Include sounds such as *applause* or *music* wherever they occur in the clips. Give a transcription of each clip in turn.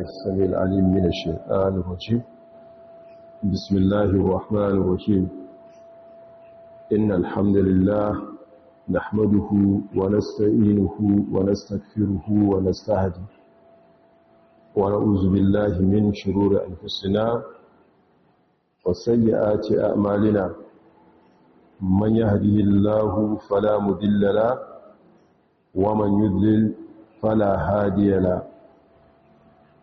السميع العليم من الشيطان الرجيم بسم الله الرحمن الرحيم إن الحمد لله نحمده ونستعينه ونستغفره ونستهدي ونعوذ بالله من شرور أنفسنا وسيئات أعمالنا من يهده الله فلا مذل له ومن يذلل فلا هادي له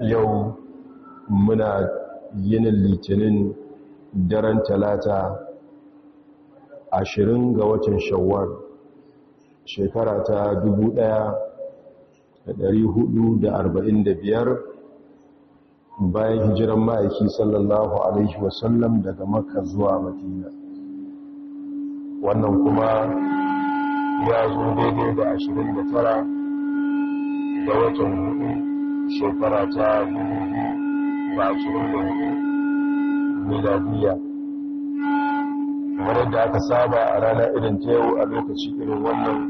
yau muna yin litinin daren talata ashirin ga watan Shawar, shekara ta dubu ɗaya da dari hudu da arba'in da biyar bayan hijiran ma'aiki sallallahu alaihi wasallam daga maka zuwa madina wannan kuma ya zo daidai da ashirin da tara ga watan hudu Sofara ta dubu ba da kamar yadda aka saba a rana irin ta yau a lokaci irin wannan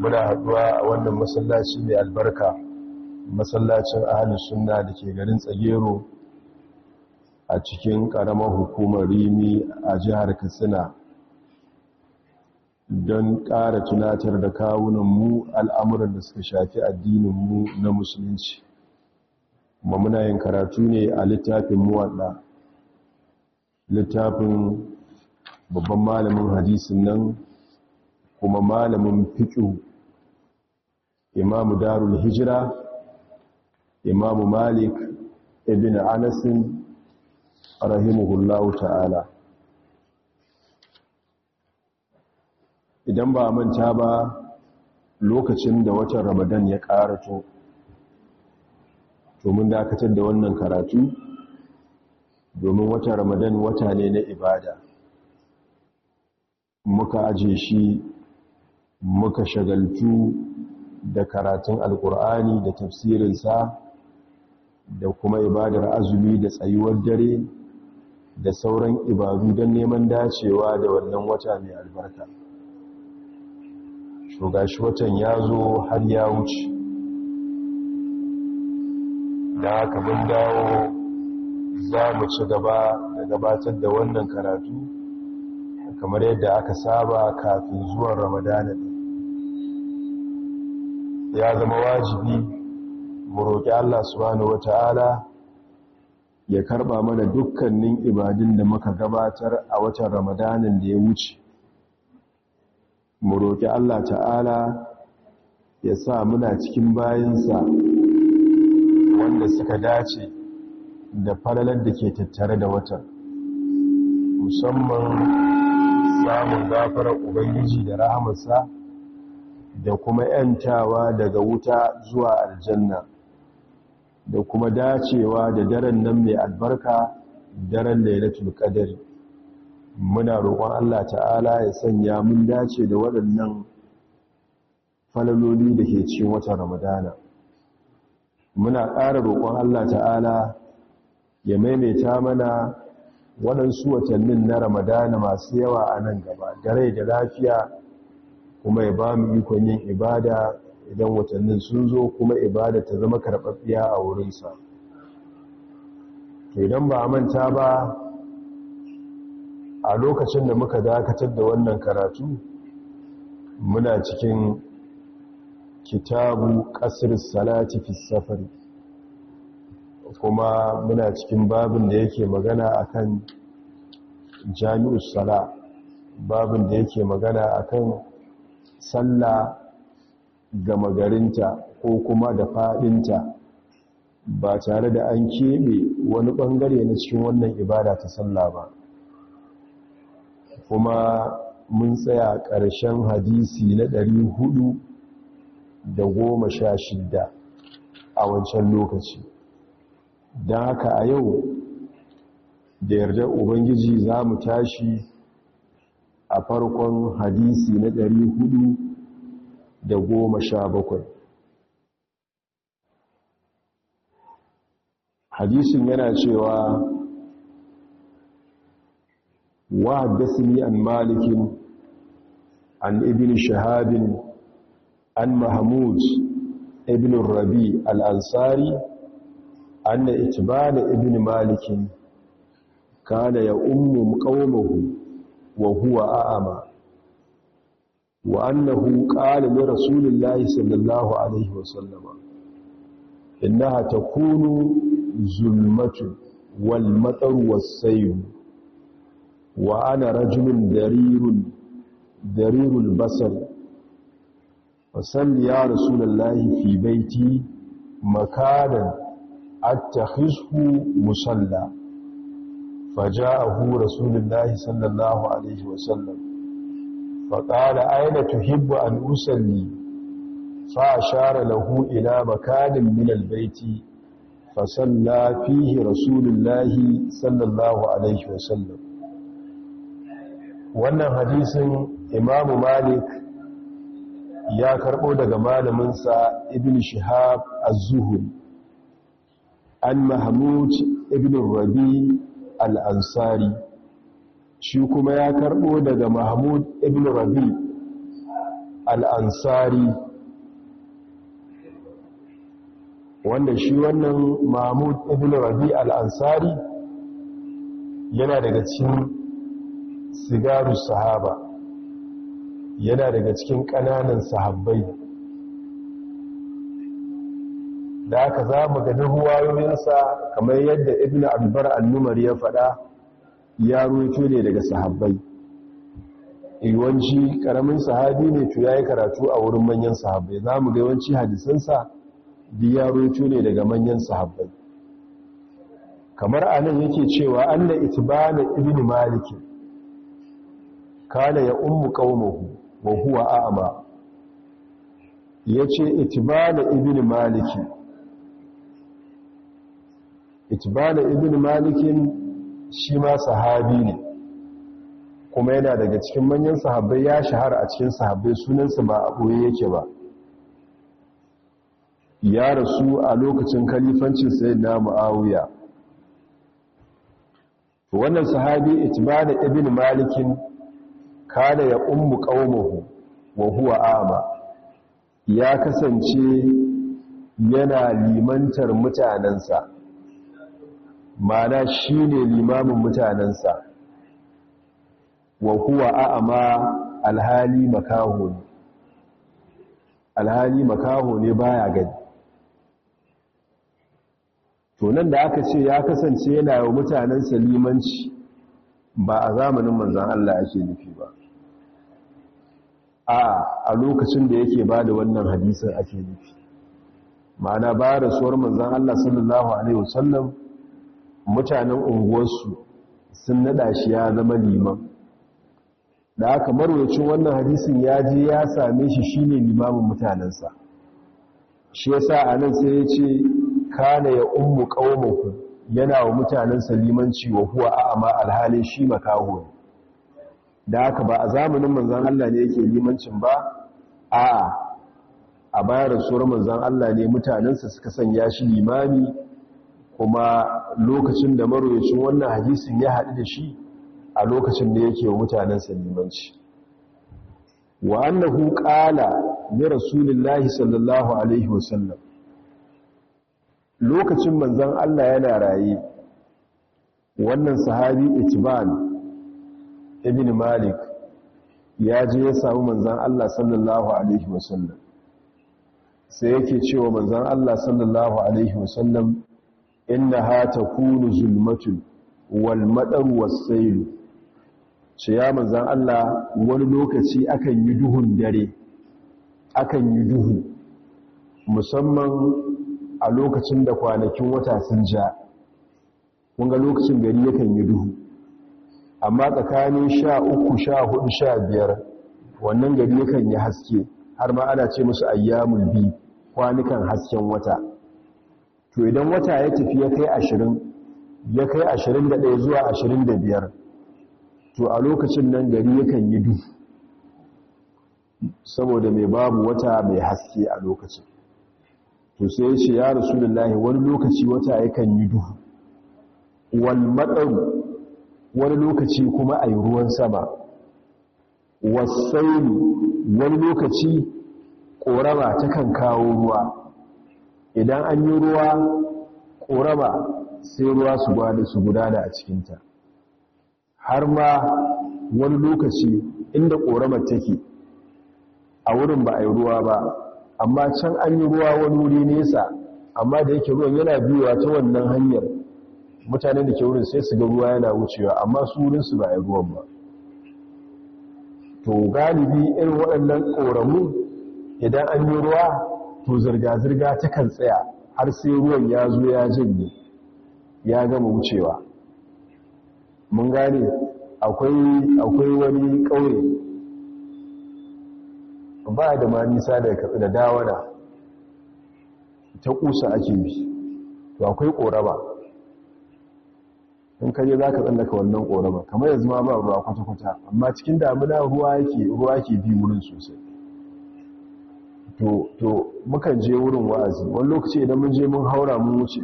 muna haɗuwa a wannan masallaci mai albarka masallacin ahalin suna da ke garin tsagero a cikin ƙaramar hukumar rimi a jihar katsina don ƙara tunatar da kawunan mu al'amuran da suka shafi addinin mu na musulunci ma muna yin karatu ne a littafin muwaɗa littafin babban malamin hadisin nan kuma malamin fiƙo imamu darul hijira imamu malik ibn anasin rahimuhullahu ta'ala idan ba a manta ba lokacin da watan ramadan ya ƙara to to mun dakatar da wannan karatu domin watan ramadan wata ne na ibada muka aje shi muka shagaltu da karatun alkur'ani da tafsirinsa da kuma ibadar azumi da tsayuwar dare da sauran ibadu don neman dacewa da wannan wata mai albarka to shi watan ya zo har ya wuce da haka mun dawo za mu ci gaba da gabatar da wannan karatu kamar yadda aka saba kafin zuwan ramadana ne ya zama wajibi mu roƙi Allah subhanahu wata'ala ya karɓa mana dukkanin ibadun da muka gabatar a watan ramadanin da ya wuce mu roƙi Allah ta'ala ya sa muna cikin bayansa wanda suka dace da falalar da ke tattare da watan musamman samun gafarar ubangiji da rahamarsa da kuma ‘yantawa daga wuta zuwa aljanna da kuma dacewa da daren nan mai albarka daren da ya na tulkadari muna roƙon Allah ta'ala ya sanya mun dace da waɗannan falaloli da ke cikin watan ramadana muna ƙara roƙon Allah ta'ala ya maimaita mana waɗansu watannin na ramadana masu yawa a nan gaba da rai da lafiya kuma ya ba mu ikon yin ibada idan watannin sun zo kuma ibada ta zama karɓaɓɓiya a wurinsa idan ba a manta ba a lokacin da muka dakatar da wannan karatu muna cikin kitabu ƙasar salati fi safari kuma muna cikin babin da yake magana akan Jami'us sala babin da yake magana a kan sallah gama garinta, ko kuma da faɗinta ba tare da an keɓe wani ɓangare na cikin wannan ibada ta sallah ba kuma mun tsaya ƙarshen hadisi na ɗari hudu da goma sha shida a wancan lokaci don haka a yau da yarda ubangiji za mu tashi a farkon hadisi na ɗari hudu da goma sha bakwai hadisin yana cewa وحدثني عن مالك عن ابن شهاب عن محمود ابن الربيع الأنصاري أن إتبان ابن مالك كان يؤم قومه وهو أعمى وأنه قال لرسول الله صلى الله عليه وسلم إنها تكون ظلمة والمطر والسيل wa ana rajulun darirun darirul basar fasalli ya rasulullahi fi baiti makanan attakhishu musalla faja'ahu rasulullahi sallallahu alaihi wa wasallam faqala ayna tuhibbu an usalli fa ashara lahu ila makanin min albayti fasalla fihi rasulullahi sallallahu alaihi wa sallam. wannan hadisin imamu malik ya karɓo daga malaminsa ibn shihab az-zuhri an mahmud ibn rabi al-ansari shi kuma ya karɓo daga mahmud ibn rabi al-ansari wanda shi wannan mahmud ibn rabi al-ansari yana daga cikin sigaru sahaba yana daga cikin ƙananan sahabbai da aka za mu gani ruwayoyinsa kamar yadda ibn Albar al numar ya faɗa ya ruwaito ne daga sahabbai eh, yawanci ƙaramin sahabi ne to ya yi karatu a wurin manyan sahabbai za mu ga yawanci hadisansa bi ya ruwaito ne daga manyan sahabbai kamar anan yake cewa an da itibana ibn maliki kana ya ummu qaumahu wa huwa a'ma yace itibala ibn maliki itibala ibn malikin shi ma sahabi ne kuma yana daga cikin manyan sahabbai ya shahara a cikin sahabbai sunansa ba a ɓoye yake ba ya rasu a lokacin kalifancin sai na mu'awiya wannan sahabi itibala ibn malikin kana ya ummu qaumahu wa huwa a'ma ya kasance yana limantar mutanansa mana shine limamin mutanansa wa huwa a'ma alhali makaho ne alhali makaho ne baya gani to nan da aka ce ya kasance yana wa mutanensa limanci, ba a zamanin manzan Allah ake nufi ba a a lokacin da yake ba da wannan hadisin ake nufi ma'ana ba rasuwar manzan Allah sallallahu Alaihi wasallam mutanen unguwarsu sun nada shi ya zama liman da aka marwacin wannan hadisin ya je ya same shi shi ne limamin mutanensa shi ya sa a nan sai ya ce kane ya ummu ƙaunaku yana wa mutanensa limanci wa huwa a amma alhalin shi makaho da haka ba a zamanin manzan Allah ne yake limancin ba a a da rasuwar manzan Allah ne mutanensa suka sanya shi limami kuma lokacin da maroyacin wannan hadisin ya haɗu da shi a lokacin da yake wa mutanensa limanci wa annahu qala ni rasulullahi sallallahu alaihi wasallam lokacin manzan Allah yana raye wannan sahabi itban ibn malik ya je ya samu manzan Allah sallallahu alaihi wasallam sai yake cewa manzan Allah sallallahu alaihi wasallam inna ha takunu zulmatun wal madar wasailu ce ya manzan Allah wani lokaci akan yi duhun dare akan yi duhu musamman a lokacin da kwanakin wata sun ja wanga ga lokacin gari yakan yi duhu amma tsakanin sha uku sha hudu sha biyar wannan gari yakan yi haske har ma ana ce musu ayyamun bi kwanukan hasken wata to idan wata ya tafi ya kai ashirin ya kai ashirin da ɗaya zuwa ashirin da biyar to a lokacin nan gari yakan yi duhu saboda mai babu wata mai haske a lokacin to sai ce ya lahi wani lokaci wata yakan yi duhu wal matsaru wani lokaci kuma a yi ruwan sama wasai wani lokaci ƙorama takan kawo ruwa idan an yi ruwa ƙorama sai ruwa su gwada su gudana a cikinta har ma wani lokaci inda ƙorama take a wurin ba a yi ruwa ba amma can an yi ruwa wani wuri nesa amma da yake ruwan yana biyuwa ta wannan hanyar mutane da ke wurin sai su ga ruwa yana wucewa amma su wurinsu ba a ruwan ba to galibi irin waɗannan ƙoramu idan an yi ruwa to zirga-zirga ta kan tsaya har sai ruwan ya zo ya janye ya gama wucewa mun gane akwai wani ƙauye ba da ma nisa da ka da dawana ta ƙusa ake bi to akwai ƙorama in ka je za ka tsallaka wannan ƙorama kamar yanzu ma ba ruwa kwata-kwata amma cikin damuna ruwa yake ruwa ke bi wurin sosai to to mukan je wurin wa'azi wani lokaci idan mun je mun haura mun wuce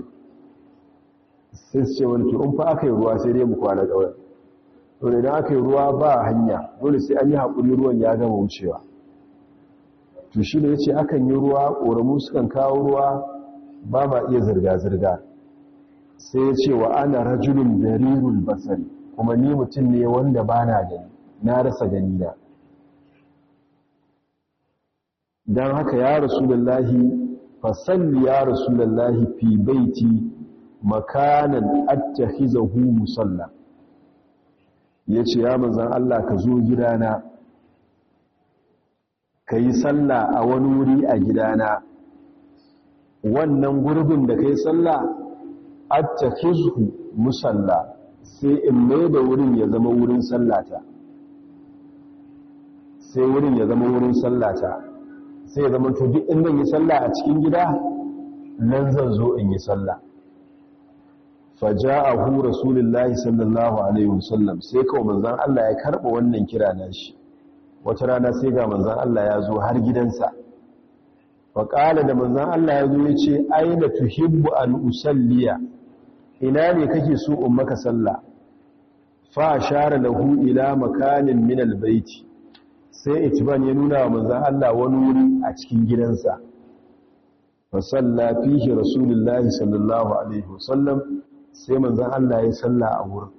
sai su ce wani to in fa aka yi ruwa sai dai mu kwana ƙauyen to idan aka yi ruwa ba hanya dole sai an yi haƙuri ruwan ya gama wucewa to shi da ya ce akan yi ruwa ƙoramu sukan kawo ruwa ba ma iya zirga-zirga sai ya ce wa ana rajulun jaririn basari kuma ni mutum ne wanda ba na gani na rasa gani na don haka ya rasu rasulullahi fasalli ya rasulullahi fi baiti makanan attakhizahu musalla yace ya manzan Allah ka zo gidana ka yi sallah a wani wuri a gidana wannan gurbin da ka yi sallah attakhizhu musalla sai in mai da wurin ya zama wurin sallata sai wurin ya zama wurin sallata sai ya zama to duk inda yi salla a cikin gida nan zan zo in yi salla faja'ahu rasulullahi sallallahu alaihi wasallam sai kawai manzon Allah ya karba wannan kira nashi wata rana sai ga manzon Allah ya zo har gidansa qala da manzan Allah ya zo ya ce aina tuhibbu an usalliya ina ne kake so in maka sallah fa share lahu ila makanin min albayti sai itban ya nuna wa Allah wani wuri a cikin gidansa fa salla fihi rasulullahi sallallahu alaihi wasallam sai manzon Allah ya salla a wurin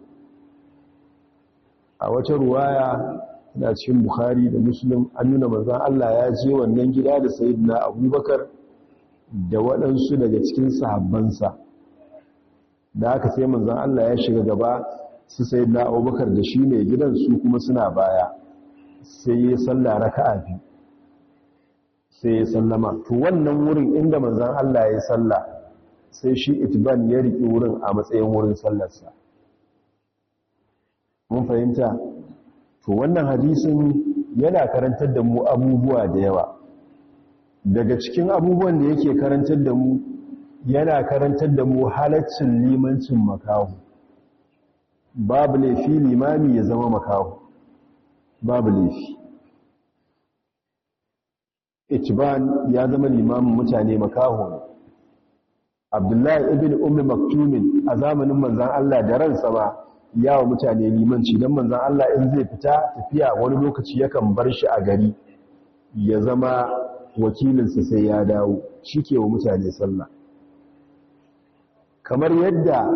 a wata ruwaya na cikin bukhari da muslim an nuna manzon Allah ya je wannan gida da sayyidina abubakar da waɗansu daga cikin sahabbansa da aka sai manzan Allah ya shiga gaba su sai na abubakar da shi ne gidan su kuma suna baya sai ya salla raka'a biyu sai ya sallama to wannan wurin inda manzan Allah ya salla sai shi itban ya rike wurin a matsayin wurin sallarsa mun fahimta to wannan hadisin yana karantar da mu abubuwa da yawa daga cikin abubuwan da yake karantar da mu yana karantar da mu halaccin limancin makahu babu laifi limami ya zama makahu babu laifi ichban ya zama limamin mutane makahu ne abdullahi ibn ummi maktumin a zamanin manzan Allah da ransa ba wa mutane limanci don manzan Allah in zai fita tafiya wani lokaci yakan bar shi a gari ya zama wakilinsa sai ya dawo shi ke wa mutane sallah kamar yadda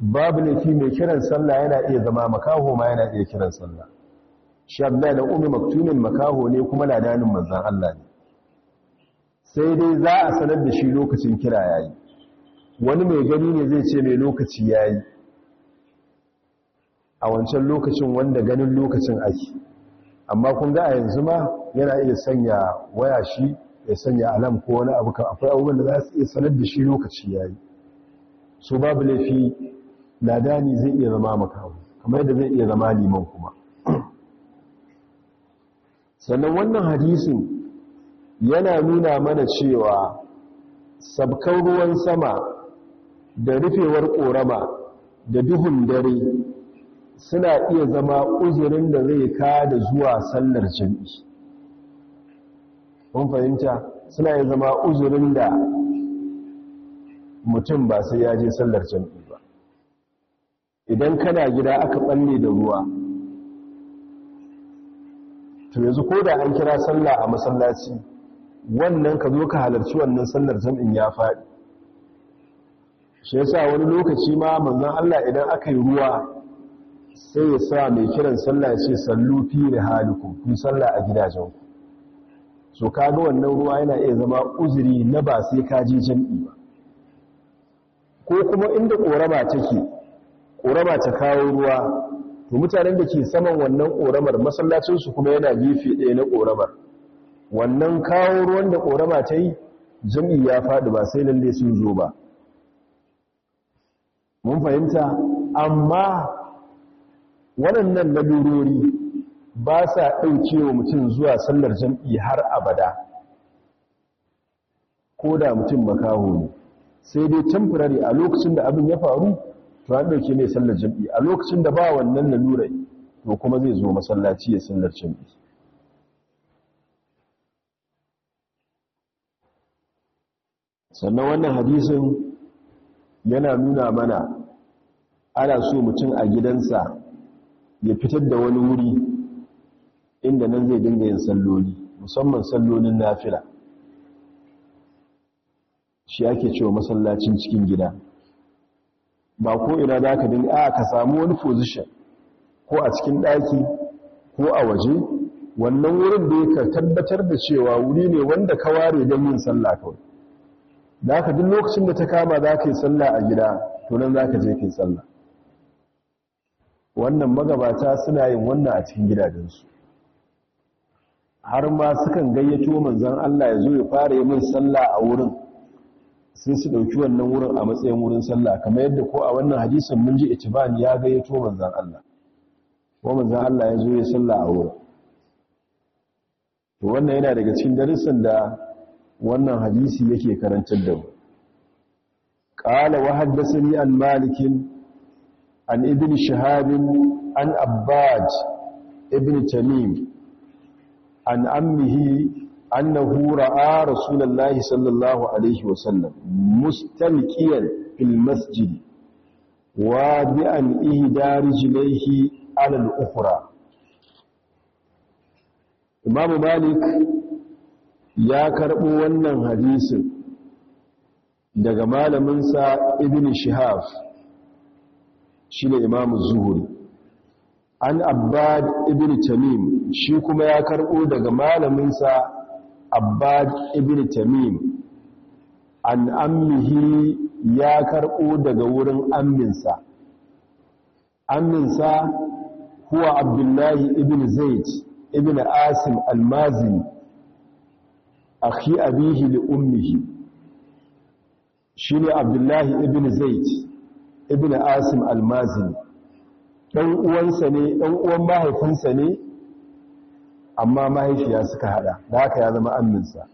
babu laifi mai kiran sallah yana iya zama makaho ma yana iya kiran sallah shi da umi maktumin makaho ne kuma ladanin manzan Allah ne sai dai za a sanar da shi lokacin kira yayi wani mai gani ne zai ce mai lokaci yayi a wancan lokacin wanda ganin lokacin ake amma kun ga a yanzu ma yana iya sanya waya shi ya sanya alam ko wani abu kan akwai abubuwan da za su iya sanar da shi lokaci yayi so babu laifi ladani zai iya zama makawo kamar yadda zai iya zama liman kuma sannan wannan hadisin yana nuna mana cewa sabkan ruwan sama da rufewar ƙorama da duhun dare suna iya zama uzurin da zai kada zuwa sallar jami'i kun fahimta suna iya zama uzurin da mutum ba sai ya je sallar jam'i ba idan kana gida aka balle da ruwa to yanzu ko da an kira sallah a masallaci wannan ka zo ka halarci wannan sallar jam'in ya faɗi shi yasa wani lokaci ma manzon Allah idan aka yi ruwa sai ya sa mai kiran sallah ya ce sallu fi rihalikum ku sallah a gidajenku so kaga wannan ruwa yana iya zama uzuri na ba sai ka je jam'i ba ko kuma inda ƙorama take ƙorama ta kawo ruwa to mutanen da ke saman wannan ƙoramar masallacinsu kuma yana gefe ɗaya na ƙoramar wannan kawo ruwan da ƙorama ta yi jam'i ya faɗi ba sai lalle sun zo ba mun fahimta amma waɗannan lalurori ba sa ɗauke wa mutum zuwa sallar jam'i har abada ko da mutum makaho ne sai dai temporary a lokacin da abin ya faru to an dauke mai sallar jami'i a lokacin da ba wannan lalura to kuma zai zo masallaci ya sallar jami'i sannan wannan hadisin yana nuna mana ana so mutum a gidansa ya fitar da wani wuri inda nan zai dinga yin salloli musamman sallolin nafila shi ake cewa masallacin cikin gida ba ko ina za ka dinga a ka samu wani position ko a cikin ɗaki ko a waje wannan wurin da ya tabbatar da cewa wuri ne wanda ka ware don yin sallah kawai da ka duk lokacin da ta kama za ka yi sallah a gida to nan za ka je ka yi sallah wannan magabata suna yin wannan a cikin gidajensu har ma sukan gayyato manzon Allah ya zo ya fara yi min sallah a wurin Sun su ɗauki wannan wurin a matsayin wurin sallah kamar yadda ko a wannan hadisan mun ji itibani ya gayyato manzan Allah ko manzan Allah ya zo ya sallah a wurin to wannan yana daga cikin darussan da wannan hadisi yake karantar da mu qala wa haddathani an malik an ibn shahab an abbad ibn tamim an ammihi annahu ra'a rasulullahi sallallahu alaihi wasallam mustalqiyan fil masjid wa bi an ihdarijlaihi ala al-ukhra Imam Malik ya karbo wannan hadisin daga malaminsa ibn shihab shi imam zuhuri an abbad ibn tamim shi kuma ya karɓo daga malaminsa abbad ibn tamim an ammihi ya karbo daga wurin amminsa amminsa huwa abdullahi ibn zaid ibn asim almazini akhi abihi li ummihi shine abdullahi ibn zaid ibn asim almazini dan uwansa ne dan uwan mahaifinsa ne amma mahaifiya suka hada da haka ya zama amminsa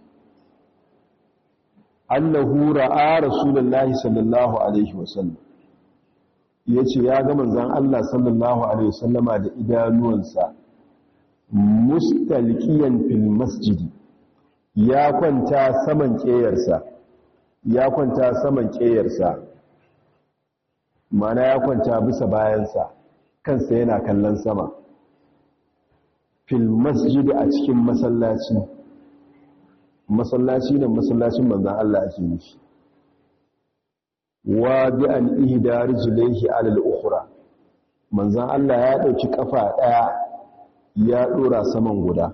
annahu ra'a rasulullahi sallallahu alaihi wasallam yace ya ga manzon Allah sallallahu alaihi wasallama da idanuwansa mustalqiyan fil masjidi ya kwanta saman keyarsa ya kwanta saman keyarsa mana ya kwanta bisa bayansa kansa yana kallon sama fil masjidi a cikin masallaci masallaci da masallacin manzan Allah ake yi shi bi an ihda ala alal ukhra manzan Allah ya dauki kafa daya ya dora saman guda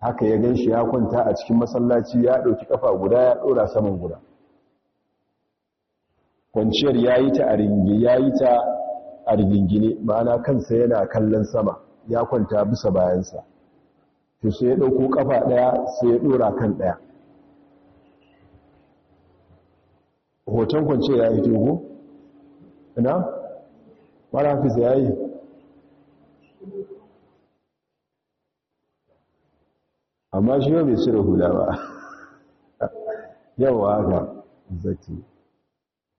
haka ya ganshi ya kwanta a cikin masallaci ya dauki kafa guda ya dora saman guda kwanciyar yayi ta a ringi yayi ta a ma'ana kansa yana kallon sama ya kwanta bisa bayansa to sai ya ɗauko ƙafa ɗaya sai ya ɗora kan ɗaya hoton kwance ya yi tego ina? mara hafiz ya yi amma shi yau bai cire hula ba yau haka zaki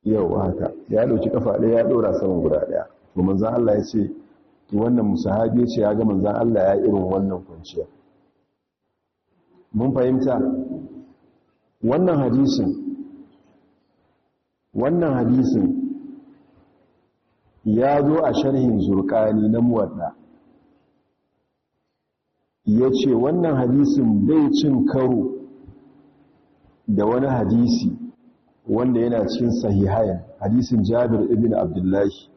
yau haka ya ɗauki ƙafa ɗaya ya ɗora saman guda ɗaya kuma za Allah ya ce wannan sahabi ce ya ga manzan Allah ya irin wannan kwanciya mun fahimta wannan hadisin wannan hadisin ya zo a sharhin zurkani na muwadda ya ce wannan hadisin bai cin karo da wani hadisi wanda yana cikin sahihayen hadisin jabir ibn abdullahi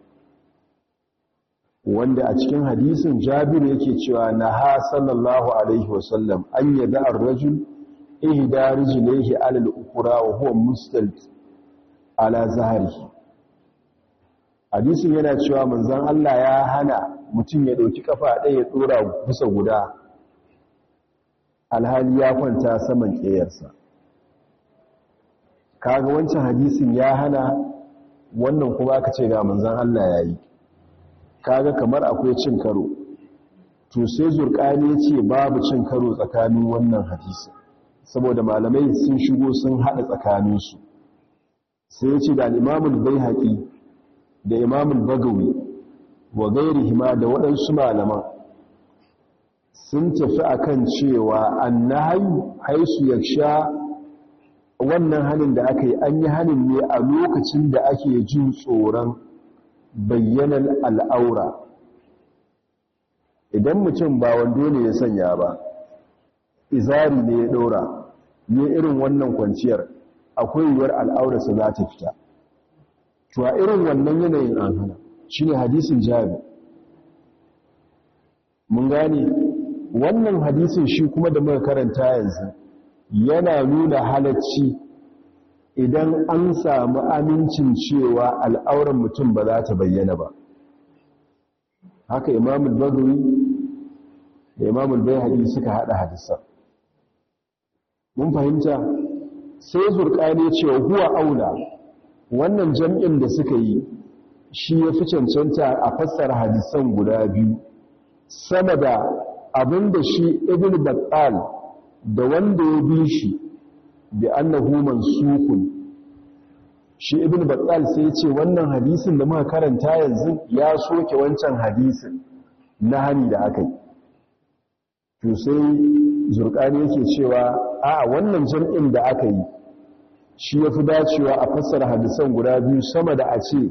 wanda a cikin hadisin jabir yake cewa na ha sallallahu alaihi wasallam an yada ar-rajul ihda rijlihi ala al-ukra wa huwa mustalt ala zahrihi hadisin yana cewa manzon Allah ya hana mutum ya dauki kafa ɗaya ya tsora kusa guda alhali ya kwanta saman ƙeyarsa kaga wancan hadisin ya hana wannan kuma aka ce ga manzon Allah yayi kaga kamar akwai cin karo to sai zurkani ce babu cin karo tsakanin wannan hadisi saboda malamai sun shigo sun haɗa tsakaninsu sai ya ce da al-imam al-baihaqi da imamul bagawi wa gairihima da waɗansu malaman sun tafi akan cewa annahayu haisu yaksha wannan hanin da aka yi an yi hanin ne a lokacin da ake jin tsoron bayyanar al'aura idan mutum ba wando ne ya sanya ba izari ne ya ɗora ne irin wannan kwanciyar akwai yiwuwar al'aurarsa za ta fita to a irin wannan yanayin an hana shi ne hadisin jami mun gane wannan hadisin shi kuma da muka karanta yanzu yana nuna halacci idan an samu amincin cewa al'auran mutum ba za ta bayyana ba haka imamul bazuri da imamul bayhaqi suka hada hadisan mun fahimta sai zurqani cewa huwa aula wannan jam'in da suka yi shi ya fi cancanta a fassar hadisan guda biyu saboda da abinda shi ibnu battal da wanda ya bi shi bi annahu mansukun shi ibnu battal sai yace wannan hadisin da muka karanta yanzu ya soke wancan hadisin na hani da akai to sai zurqani yake cewa a wannan jam'in da aka shi ya fi dacewa a fassara hadisan guda biyu sama da a ce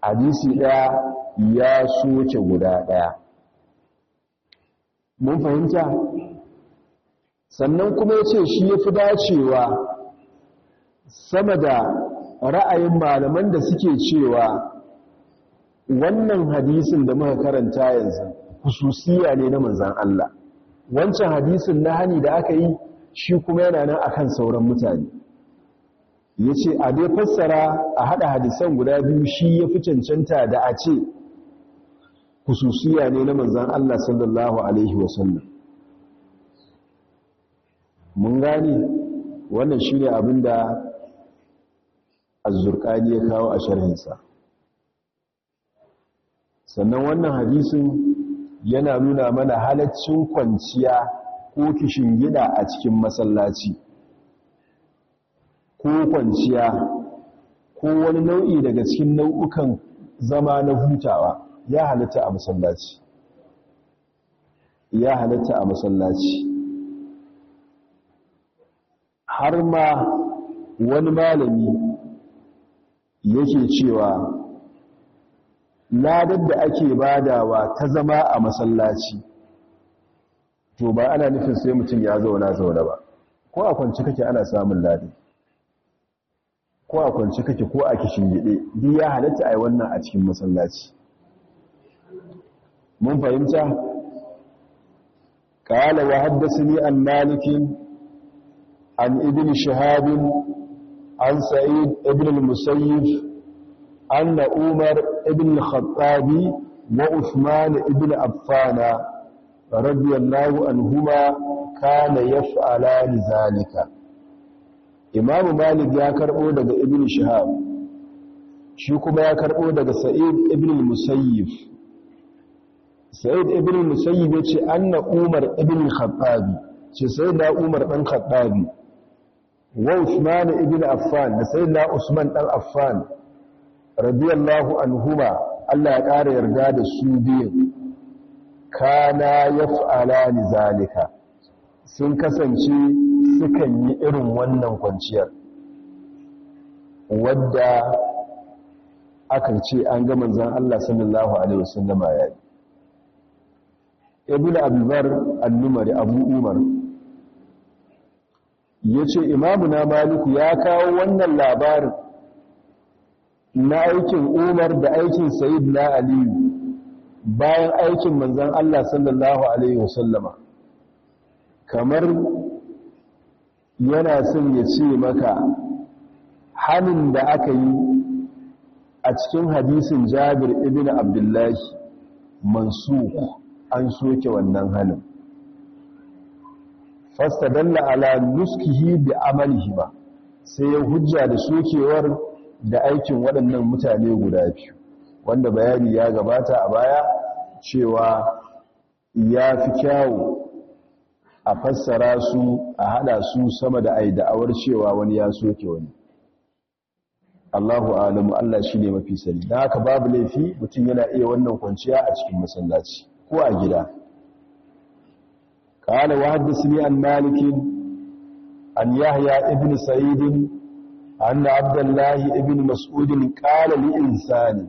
hadisi ɗaya ya soke guda ɗaya mun fahimta sannan kuma ya ce shi ya fi dacewa sama da ra'ayin malaman da suke cewa wannan hadisin da muka karanta yanzu kususiya ne na manzan Allah wancan hadisin na hani da aka yi shi kuma yana nan akan sauran mutane ya ce a dai fassara a haɗa hadisan guda biyu shi ya fi cancanta da a ce kususiya ne na manzan Allah sallallahu Alaihi wasallam mun gane wannan shi abin da azurkani ya kawo a sharhinsa sannan wannan hadisin yana nuna mana halaccin kwanciya ko kishin gida a cikin masallaci ko kwanciya ko wani nau'i daga cikin nau'ukan zama na hutawa ya halatta a masallaci ya halatta a masallaci har ma wani malami yake cewa ladar da ake badawa ta zama a masallaci to ba ana nufin sai mutum ya zauna zaune ba ko a kwanci kake ana samun ladar? ko a kwanci kake ko a kishin gide duk ya halatta a wannan a cikin masallaci mun fahimta قال وحدثني عن مالك عن ابن شهاب عن سعيد ابن المسيف عن أمر ابن الخطاب وعثمان ابن أبفان رضي الله عنهما كان يفعلان ذلك إمام مالك يا كربو daga ابن شهاب shi kuma ya karbo daga Sa'id ibn al-Musayyib Sa'id ibn al-Musayyib yace anna Umar ibn al-Khattab sai da Umar dan Khattabi wa Usman ibn Affan da sayyidina Usman dan Affan radiyallahu anhuma Allah ya ƙara yarda da su biyu kana yaf'alani zalika sun kasance sukan yi irin wannan kwanciyar wadda aka ce an ga manzon Allah sallallahu alaihi wasallama yi ibn abdulbar annumari abu umar ya ce na maliku ya kawo wannan labarin na aikin umar da aikin sayid na aliyu bayan aikin manzan allah sallallahu alaihi wasallama kamar yana son ya ce maka hannun da aka yi a cikin hadisin jabir ibn abdullahi mansu an soke wannan hannun fastadalla ala nuskihi bi amalihi ba sai ya hujja da sokewar da aikin waɗannan mutane guda biyu wanda bayani ya gabata a baya cewa ya fi kyawu a fassara su a hada su sama da ai da'awar cewa wani ya soke wani Allahu alamu Allah shi ne mafi sani dan haka babu laifi mutum yana iya wannan kwanciya a cikin masallaci ko a gida قال وحدثني عن مالك عن يحيى ابن سعيد أن عبد الله ابن مسعود قال لإنسان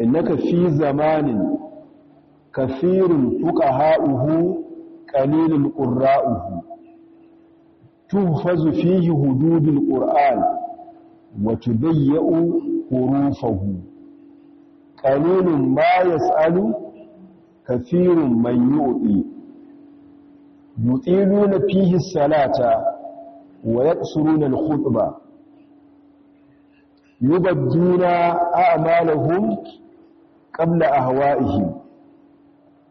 إنك في زمان كثير فقهاؤه قليل قراؤه تحفظ فيه هدود القرآن وتبيئ حروفه قليل ما يسأل كثير من يؤذي yutiluna fihi salata wa yaqsuruna al-khutbah yubadduna a'malahum qabla ahwa'ihim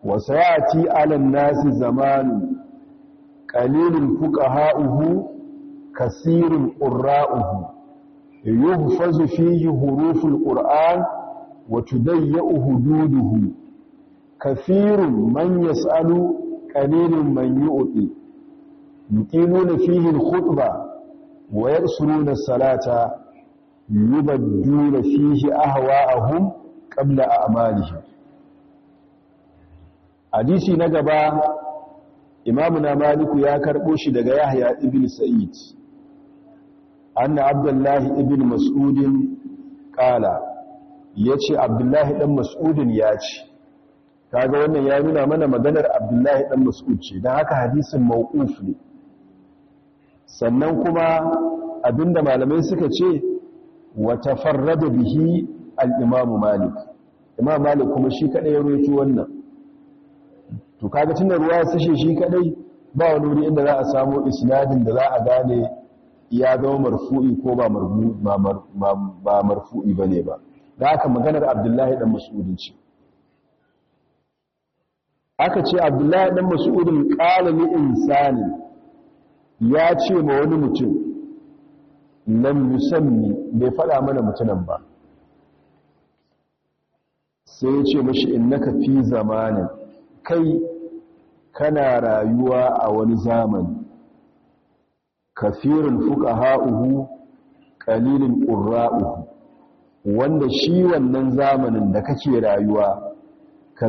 wa sayati 'ala an-nasi zamanun qalilun fuqaha'uhu kasirun qurra'uhu yuhfazu fihi huruful qur'an wa tudayyu hududuhu kathirun man yas'alu qalilun man yu'ti yuqimuna fihi al-khutba wa yansuruna as-salata yubadduna fihi ahwa'ahum qabla a'malihim hadisi na gaba imamu na maliku ya karɓo shi daga yahya ibn sa'id anna abdullahi ibn mas'udin kala yace abdullahi dan mas'udin ya ce kaga wannan ya nuna mana maganar abdullahi dan mas'ud ce dan haka hadisin mawquf ne sannan kuma abinda malamai suka ce wa tafarrada bihi al-imam malik imam malik kuma shi kadai ya rawaito wannan to kaga tunda ruwa sashe shi kadai ba wani wuri inda za a samu isnadin da za a gane ya zama marfu'i ko ba marfu'i ba ne ba da haka maganar abdullahi dan mas'udin ce aka ce abdullahi ɗan mas'udin ƙalami insani ya ce ma wani mutum nan musammi bai faɗa mana mutunan ba sai ya ce mashi innaka fi zamanin kai kana rayuwa a wani zamani kafirin fuqaha'uhu ƙalilin qurra'uhu wanda shi wannan zamanin da kake rayuwa fuka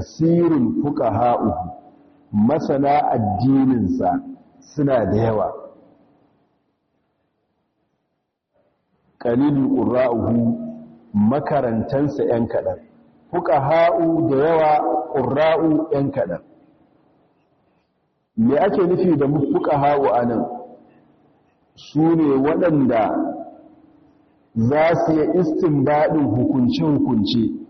fuqaha'u masana addininsa suna da yawa qalilul qurra'uhu makarantansa ‘yan kaɗan, fuƙaha'u da yawa ƙura'u ‘yan kaɗan. Me ake nufi da fuƙaha'u a nan, su ne waɗanda za su yi istin daɗin hukunce-hukunce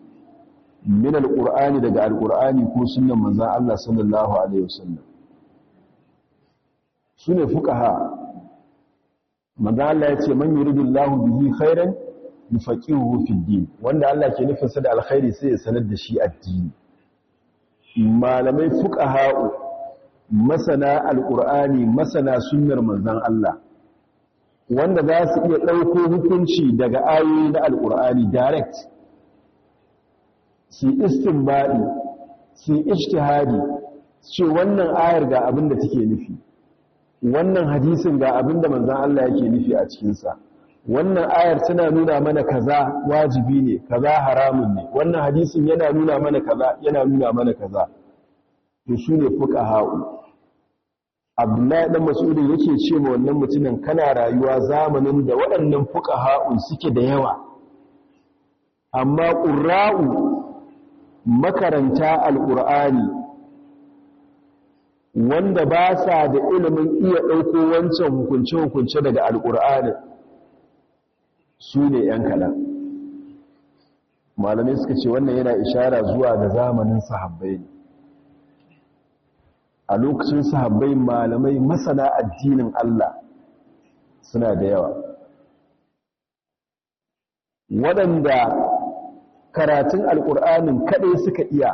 min alqur'ani daga alqur'ani ko sunnan manzon Allah sallallahu alaihi wasallam sune fuqaha manzon Allah yace man yuridullahu bihi khairan yufaqihuhu fid din wanda Allah ke nufinsa da alkhairi sai ya sanar da shi addini malamai fuqaha masana Alƙur'ani, masana sunnar manzon Allah wanda za su iya ɗauko hukunci daga ayoyi na alƙur'ani direct su istinbadi su ijtihadi ce wannan ayar ga abin da take nufi wannan hadisin ga abin da manzon Allah yake nufi a cikinsa. wannan ayar tana nuna mana kaza wajibi ne kaza haramun ne wannan hadisin yana nuna mana kaza yana nuna mana kaza to shine ha'u abdullahi dan mas'udi yake ce ma wannan mutumin kana rayuwa zamanin da waɗannan fuka ha'u suke da yawa amma qurra'u makaranta al'ur'ani wanda ba sa da ilimin iya ɗauko wancan hukunce-hukunce daga al'ur'ani su ne ‘yan kaɗan malamai suka ce wannan yana ishara zuwa ga zamanin sahabbai a lokacin sahabbai malamai masana addinin Allah suna da yawa waɗanda karatun alƙur'anin kaɗai suka iya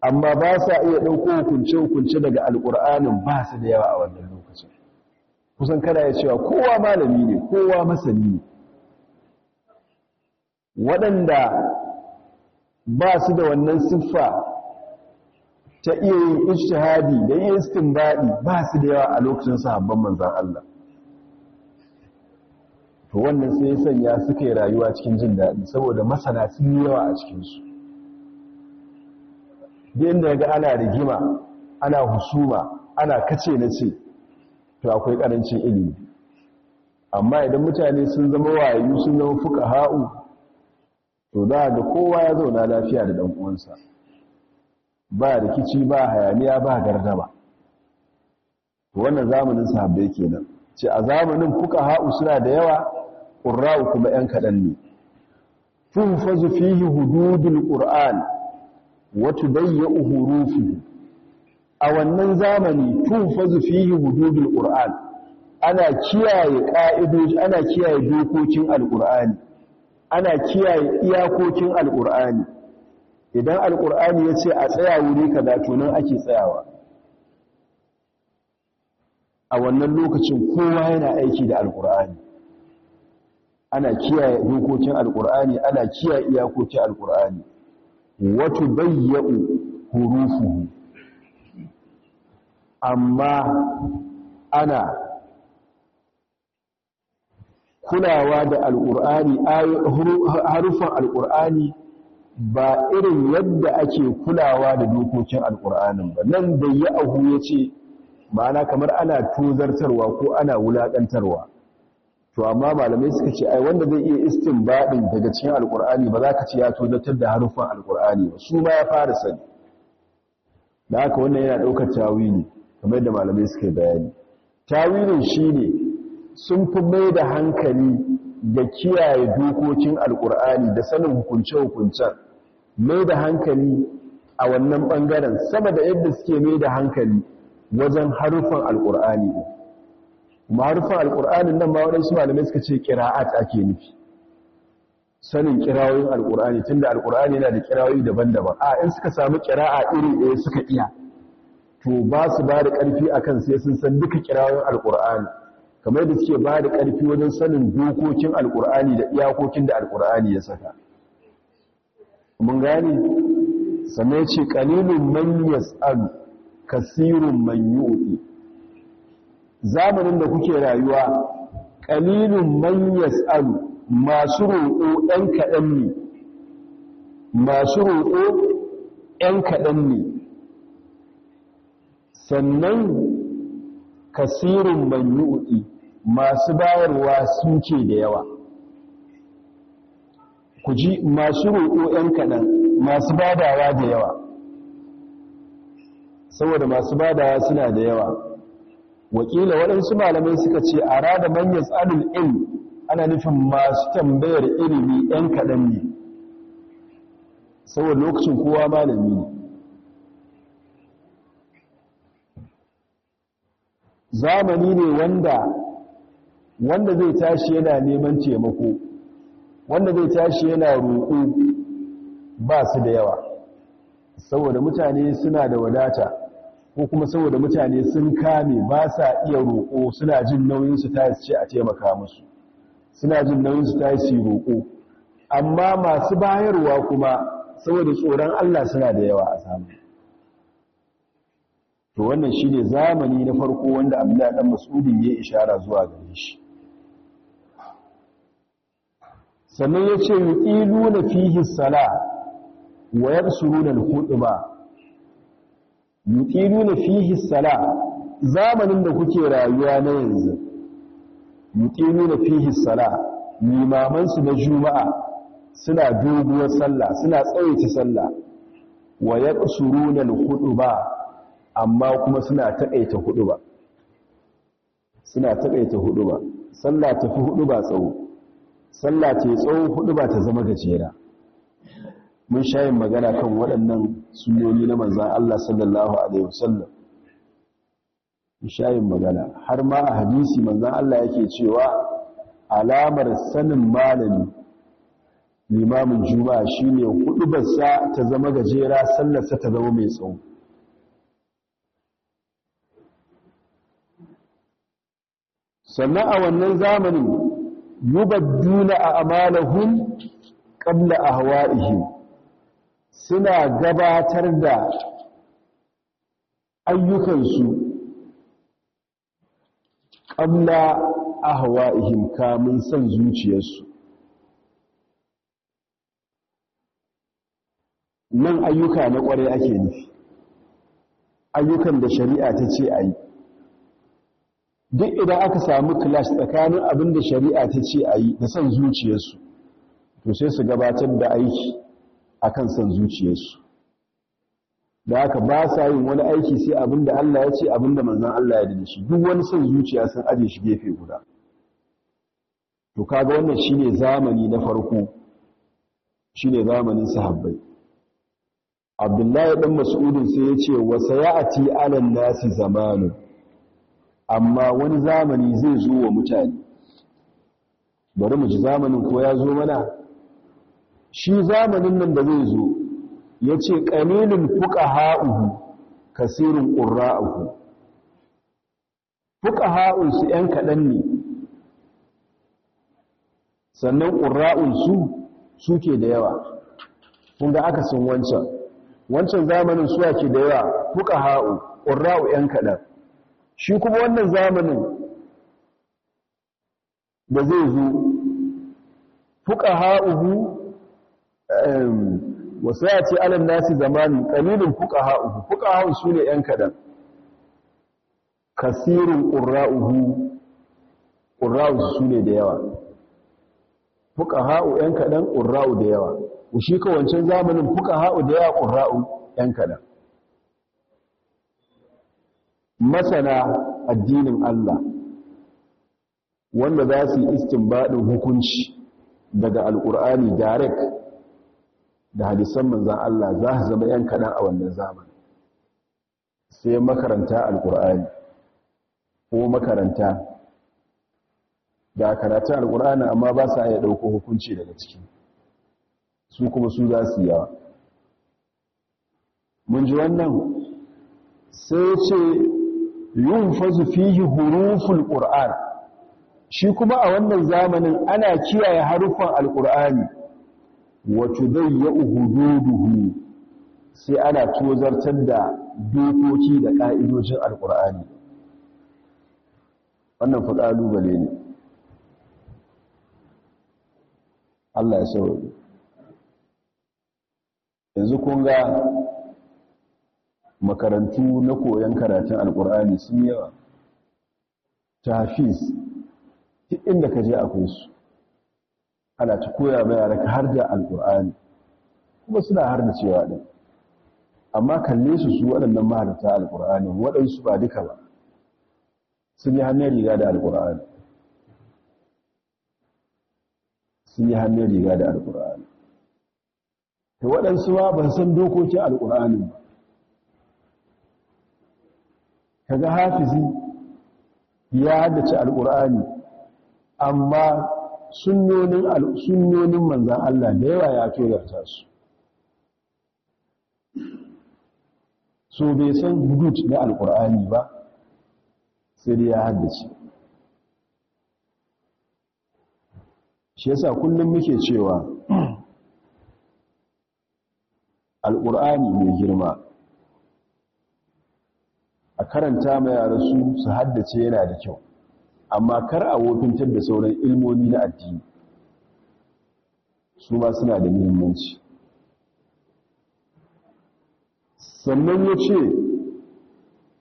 amma ba sa iya ɗauko hukunce-hukunce daga alƙur'anin ba su da yawa a wannan lokacin kusan kada ya cewa kowa malami ne kowa masani ne waɗanda ba su da wannan siffa ta iya yin ishtihadi da yin istinbadi ba su da yawa a lokacin sahabban manzan Allah to wannan sai ya sanya suka yi rayuwa cikin jin daɗi saboda masana sun yi yawa a cikinsu da inda ga ana rigima ana husuma ana kace na ce to akwai ƙarancin ilimi amma idan mutane sun zama wayu, sun zama fuka ha'u to za ga kowa ya zauna lafiya da ɗan uwansa ba rikici ba hayaniya ba gardama wannan zamanin sahabbai kenan ce a zamanin fuka ha'u suna da yawa ƙura'u kuma ‘yan kaɗan ne tufazu fihi hududul ƙura'an wata bayya uhurufi a wannan zamani tufazu fihi hududul ƙura'an ana kiyaye ƙa'idoji ana kiyaye dokokin alƙur'ani ana kiyaye iyakokin alƙur'ani idan alƙur'ani ya ce a tsaya wuri ka to nan ake tsayawa a wannan lokacin kowa yana aiki da alƙur'ani ana kiyaye dokokin alkur'ani ana kiyaye iyakokin alkur'ani wato bayyau hurufuhu amma ana kulawa da alkur'ani harufan alkur'ani ba irin yadda ake kulawa da dokokin alkur'anin ba nan bayyau ya ce ma'ana kamar ana tozartarwa ko ana wulaƙantarwa to amma malamai suka ce ai wanda zai iya istinbadin daga cikin alkur'ani ba za ka ce ya tonatar da harufan alkur'ani ba su ma ya fara sani da haka wannan yana ɗaukar tawili kamar da malamai suka bayani tawilin shine sun fi mai da hankali da kiyaye dokokin alkur'ani da sanin hukunce-hukuncen mai da hankali a wannan ɓangaren sama da yadda suke mai da hankali wajen harufan alkur'ani marufan alƙur'anin nan ma wadansu malamai suka ce ƙira'at ake nufi sanin ƙirawoyin alƙur'ani tunda alƙur'ani yana da ƙirawoyi daban-daban a in suka samu ƙira'a iri ɗaya suka iya to ba su ba da ƙarfi a kan sai sun san duka ƙirawoyin alƙur'ani kamar da suke ba da ƙarfi wajen sanin dokokin alƙur'ani da iyakokin da alƙur'ani ya saka mun gane sannan ce ƙalilun man yas'alu kasirun man yu'ti zamanin da kuke rayuwa qalilun man yas'alu masu roƙo ɗan kaɗan ne masu roƙo ‘yan kaɗan ne sannan kasirin ban masu bayarwa sun ce da yawa ku ji masu roƙo ‘yan kaɗan masu badawa da yawa saboda masu badawa suna da yawa wakila waɗansu malamai suka ce a rada manyan tsarin ilm ana nufin masu tambayar ilimi ‘yan kaɗan ne saboda lokacin kowa malami ne zamani ne wanda wanda zai tashi yana neman taimako wanda zai tashi yana roƙo ba su da yawa saboda mutane suna da wadata ko kuma saboda mutane sun kame ba sa iya roƙo suna jin nauyin su ta ce a taimaka musu suna jin nauyin su ta su roƙo amma masu bayarwa kuma saboda tsoron Allah suna da yawa a samu to wannan shine zamani na farko wanda Abdullahi dan Mas'udin ya ishara zuwa gare shi sannan yace yuqiluna fihi sala wa yabsuruna al-khutbah yutiluna fihi sala zamanin da kuke rayuwa na yanzu yutiluna fihi sala limaman su na juma'a suna dubuwar sallah suna tsawaita sallah wa yaqsuruna al-khutba amma kuma suna takaita khutba suna takaita khutba sallah ta fi khutba tsawo sallah ce tsawo khutba ta zama gajera mun shayin magana kan waɗannan Sunoni na manzan Allah sallallahu alaihi wasallam shayin magana har ma a hadisi manzan Allah yake cewa alamar sanin malami limamin juma'a shine basa ta zama gajera sallarsa ta zama mai tsawo sannan a wannan zamanin yubadduna a a hawa ahwa'ihim suna gabatar da ayyukansu ƙamla a hawa kamun son zuciyarsu nan ayyuka na ƙwarai ake nufi ayyukan da shari'a ta ce a yi duk idan aka samu clash tsakanin abin da shari'a ta ce a yi da son zuciyarsu to sai su gabatar da aiki akan son zuciyarsu da haka ba sa yin wani aiki sai abinda Allah ya ce abinda manzon Allah ya shi. duk wani son zuciya sun aje shi gefe guda to kaga wannan shine zamani na farko shine zamanin sahabbai Abdullahi dan Mas'udin sai ya ce wa sayati alan nasi zamanu amma wani zamani zai zo wa mutane bari mu ji zamanin ko ya zo mana shi zamanin nan da zai zo ya ce ƙanilin fuka ha'uhu kasirin ƙura'uhu fuka ha'unsu ‘yan kaɗan ne sannan ƙura'unsu suke da yawa kun aka akasin wancan wancan zamanin suwa ke da yawa fuka ha'u ƙura'u ‘yan kaɗan shi kuma wannan zamanin da zai zo fuka ha'uhu wasu ya ce alam nasi zamani ƙalilin fuka ha'uhu su ne ‘yan kaɗan kasirin ƙura'uhu ƙura'u su ne da yawa Fuka fuƙaha'u ‘yan kaɗan ƙura'u da yawa shi kawancin zamanin zamanin fuƙaha'u da yawa ƙura'u ‘yan kaɗan masana addinin Allah wanda za su yi istinbaɗin hukunci daga al'ur'ani direct da hadisan manzan Allah za su zama ‘yan kaɗan a wannan zaman sai makaranta al'ur'ani ko makaranta da karatun al'ur'ani amma ba sa iya ɗauko hukunci daga ciki su kuma su za su yawa mun ji wannan sai ce yin fazu fihi huruful ƙur'an shi kuma a wannan zamanin ana kiyaye harufan al'ur'ani wato zai ya uhududuhu sai ana tozartar da dokoki da ƙa'idojin alƙur'ani wannan faɗa dubale ne allah ya saurari yanzu kun ga makarantu na koyon karatun alƙur'ani sun yawa tafiz duk inda ka je akwai su ana ci koya mai yara ka har da alkur'ani kuma suna har da cewa ɗin amma kalle su su waɗannan mahalarta Alƙur'ani, waɗansu ba duka ba sun yi hannun riga da Alƙur'ani. sun yi hannun riga da alkur'ani ta waɗansu ba ban san dokokin alkur'ani ba kaga hafizi ya haddace Alƙur'ani, amma sunnonin manzan Allah da yawa ya tozarta su so bai san hudud na alkur'ani ba sai dai ya haddace shi yasa kullum muke cewa *clears throat* alkur'ani mai girma a karanta mai yara su su haddace yana da kyau amma kar a wofintar da sauran ilmomi na addini su ma suna da muhimmanci sannan ya ce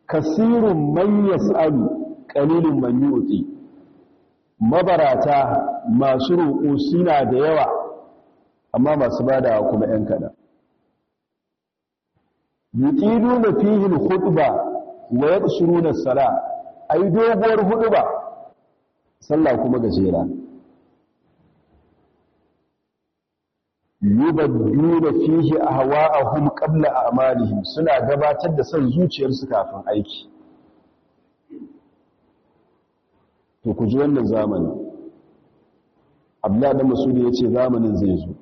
kasirun manya yas'alu ƙalilin manyan yu'ti mabarata masu roƙo suna da yawa amma masu badawa kuma ‘yan kaɗa yuƙinu na fihin huɗuba wa ya ƙasuru na sala a yi doguwar huɗuba sallah kuma gajera yubadduna fihi ahwa'ahum qabla a'malihim suna gabatar da son zuciyarsu kafin aiki to ku ji wannan zamani Abdullahi Masudi yace zamanin zai zo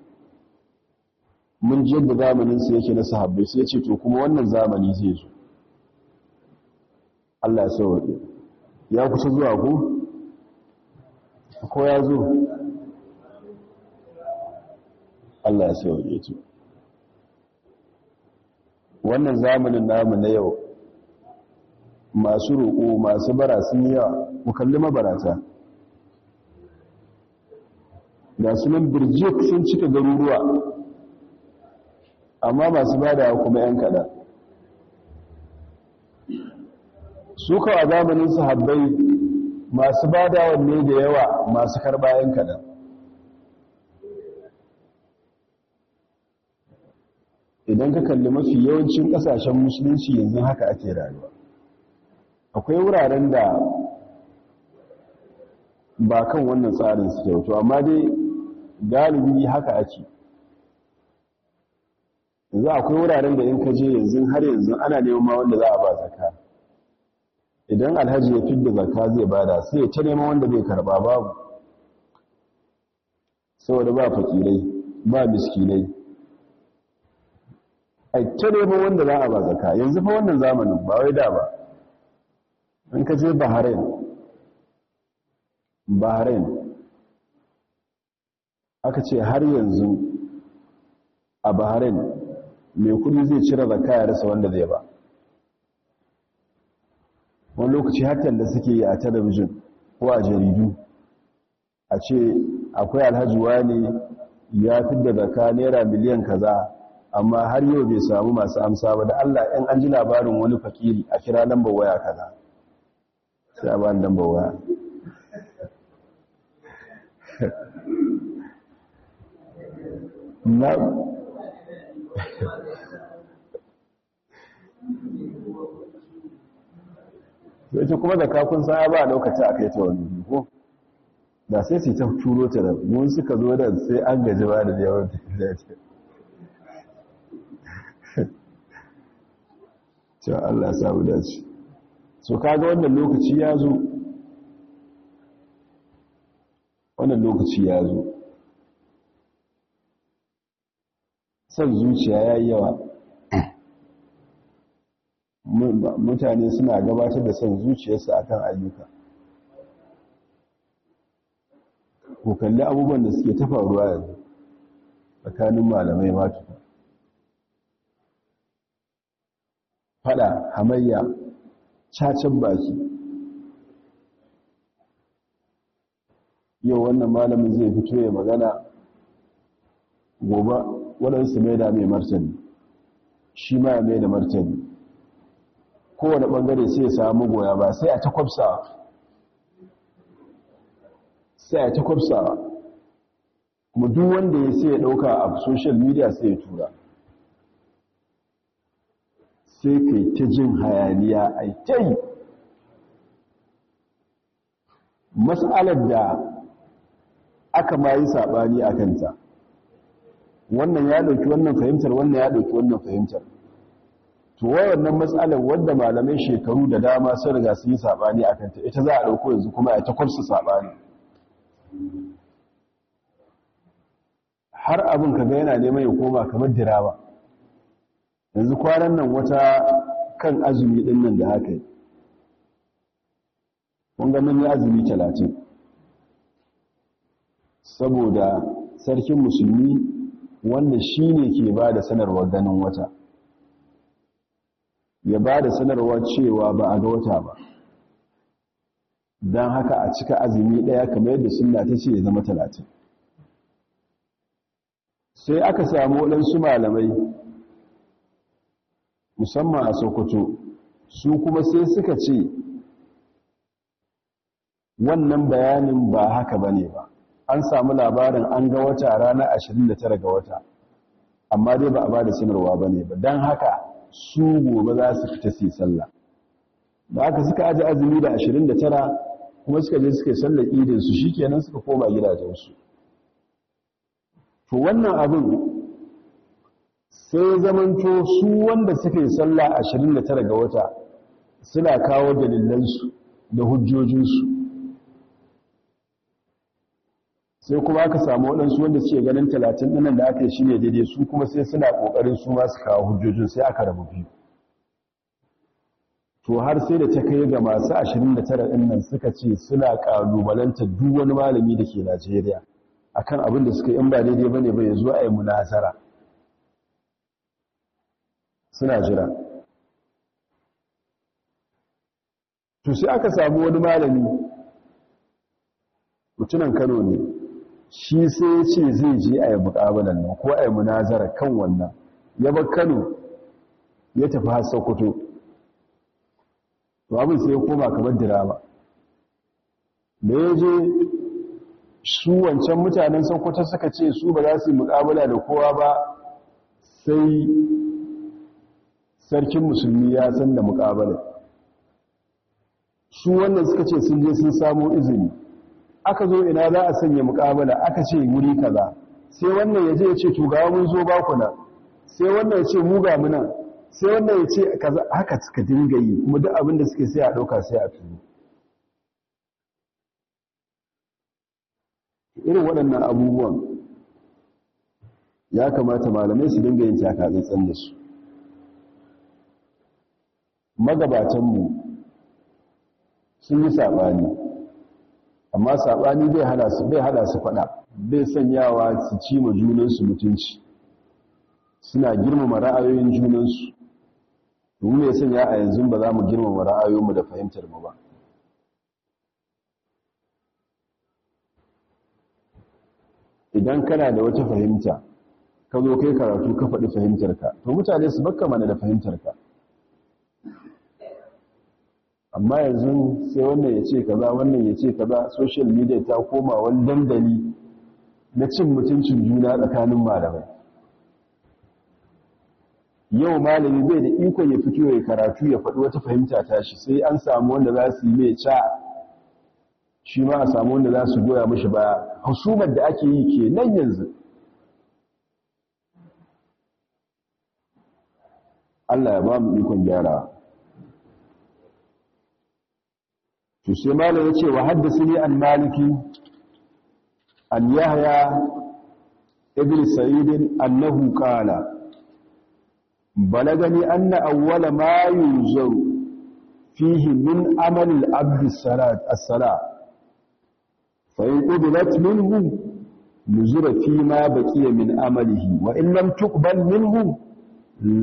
mun ji yadda zamanin sa yake na sahabbai sai yace to kuma wannan zamani zai zo Allah ya sauke ya kusa zuwa ku ko ya zo Allah ya sauke ce wannan zamanin namu na yau masu roƙo masu bara sun yi yawa mu kalli mabarata su nan sun cika garuruwa amma masu bada kuma 'yan kaɗan su kawa zamanin sahabbai masu ba da ne da yawa masu karɓa yin kaɗan idan ka kalli mafi yawancin ƙasashen musulunci yanzu haka ake rayuwa akwai wuraren da ba kan wannan tsarin su kyautu amma dai galibi haka ake yanzu akwai wuraren da in ka je yanzu har yanzu ana neman ma wanda za a ba zaka idan alhaji ya fidda zakka zai bada sai ya ta nema wanda bai karba babu saboda ba fakirai ba miskinai a ta neman wanda za a ba zakka yanzu fa wannan zamanin ba wai da ba An ka je bahrain bahrain aka ce har yanzu a bahrain mai kudi zai cire zakka ya rasa wanda zai ba wani lokaci hakan da suke yi a talabijin ko a jaridu a ce akwai alhaji wani ya fi da zaka naira miliyan kaza amma har yau bai samu masu amsa ba da allah in an ji labarin wani fakiri a kira lambar waya kaza sai a waya *laughs* na ita kuma da kafin sa ba lokacin a kai ta wani ko da sai su ta turo ta da mun suka zo da sai an gaji ba da da *laughs* ya ce ta Allah sa mu dace so kaga wannan lokaci ya zo wannan lokaci ya zo san zuciya yayi yawa mutane suna gabatar da son zuciyarsu akan ayyuka ko kalli abubuwan da suke ta faruwa yanzu tsakanin malamai matu fada hamayya cacin baki yau wannan malamin zai fito ya magana gobe waɗansu mai da mai martani shi ma ya mai da martani kowane ɓangare sai ya samu goya ba sai a ta kwafsawa sai a ta kwafsawa kuma duk wanda ya sai ya ɗauka a social media sai ya tura sai ka yi ta jin hayaniya a ta yi matsalar da aka ma yi saɓani a kanta wannan ya ɗauki wannan fahimtar wannan ya ɗauki wannan fahimtar to wannan matsalar wanda malamai shekaru da dama sun riga sun yi sabani akan ta ita za a dauko yanzu kuma a ta kwafsa sabani har abin kaga yana neman ya koma kamar diraba yanzu kwanan nan wata kan azumi din nan da haka kun ga mun yi azumi 30 saboda sarkin musulmi wanda shine ke ba da sanarwar ganin wata ya ba da sanarwa cewa ba a ga wata ba don haka a cika azumi ɗaya kamar yadda sunna ta ce ya zama talatin sai aka samu waɗansu malamai musamman a sokoto su kuma sai suka ce wannan bayanin ba haka ba ne ba an samu labarin an ga wata ranar 29 ga wata amma dai ba a ba da sanarwa ba ne ba don haka su gobe za su fita su yi sallah da aka suka aji azumi da 29 kuma suka je suka yi sallar idin su shikenan suka koma gidajensu to wannan abin sai zamanto su wanda suka yi sallah 29 ga wata suna kawo dalilansu da hujjojinsu sai kuma aka samu waɗansu wanda suke ganin talatin ɗinan da aka yi shi ne daidai su kuma sai suna ƙoƙarin su masu kawo hujjojin sai aka rabu biyu to har sai da ta kai ga masu ashirin da tara ɗinnan suka ce suna ƙalubalanta duk wani malami da ke najeriya akan abin da suka yi in ba daidai ba ne ba ya zo a yi munazara suna jira to sai aka samu wani malami Mutunan kano ne shi sai ya ce zai je a yi nan ko a yi munazara kan wannan ya ba kano ya tafi har sokoto to abin sai ya koma kamar dirama da ya je su wancan mutanen sokoto suka ce su ba za su yi mukabala da kowa ba sai sarkin musulmi ya san da muƙabala su wannan suka ce sun je sun samo izini aka zo ina za a sanya muƙabala aka ce wuri kaza sai wannan ya je ya ce to ga mun zo ba ku nan sai wannan ya ce mu ga mu nan sai wannan ya ce kaza haka suka dinga yi kuma duk abin da suke sai a ɗauka sai a tuno irin waɗannan abubuwan ya kamata malamai su dinga yin tsantsan da su magabatanmu sun yi saɓani amma saɓani bai hada su bai hada su faɗa bai sanyawa su ci ma junansu mutunci suna girmama ra'ayoyin junansu domin mai sanya a yanzu ba za mu girmama ra'ayoyinmu da fahimtar mu ba idan kana da wata fahimta ka zo kai karatu ka faɗi fahimtarka to mutane su bakka mana da fahimtarka amma yanzu sai wannan ya ce kaza wannan ya ce kaza social media ta koma wani dandali na cin mutuncin juna tsakanin malamai yau malami bai da ikon ya fito ya karatu ya faɗi wata fahimta ta shi sai an samu wanda za su yi mai ca shi ma a samu wanda za su goya mashi baya hasumar da ake yi ke nan yanzu Allah ya ba mu ikon gyarawa to sai malam yace wa haddasa ni an maliki an yahya ibn sa'id annahu qala balagani anna awwala ma yuzaru fihi min amal al Abdi salat as-salah fa in qudilat minhu nuzira fi ma baqiya min amalihi wa in lam tuqbal minhu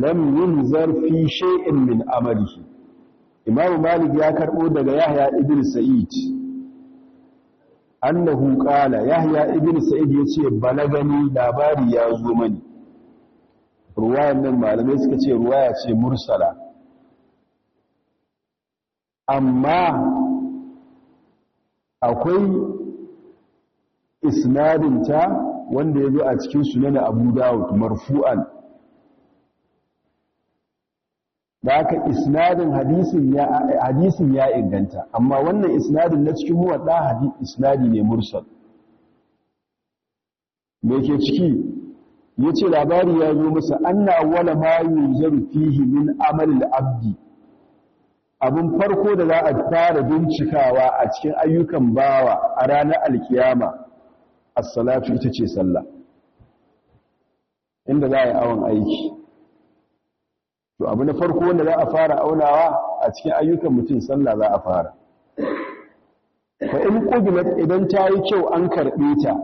lam yunzar fi shay'in min amalihi imam malik ya karbo daga yahya ibn sa'id annahu qala yahya ibn sa'id yace balagani labari ya zo mani ruwayan nan malamai suka ce ruwaya ce mursala amma akwai isnadin ta wanda ya zo a cikin sunan abu dawud marfu'an da haka isnadin hadisin ya inganta amma wannan isnadin na cikin muwadda hadis isnadi ne mursal me ke ciki yace labari ya zo masa an na ma mayu fihi min amal abdi abin farko da za a fara bincikawa a cikin ayyukan bawa a ranar alkiyama a salatu ita ce sallah inda za a yi awon aiki to abu na farko wanda za a fara aunawa a cikin ayyukan mutum sallah za a fara fa in qudimat idan ta yi kyau an karbe ta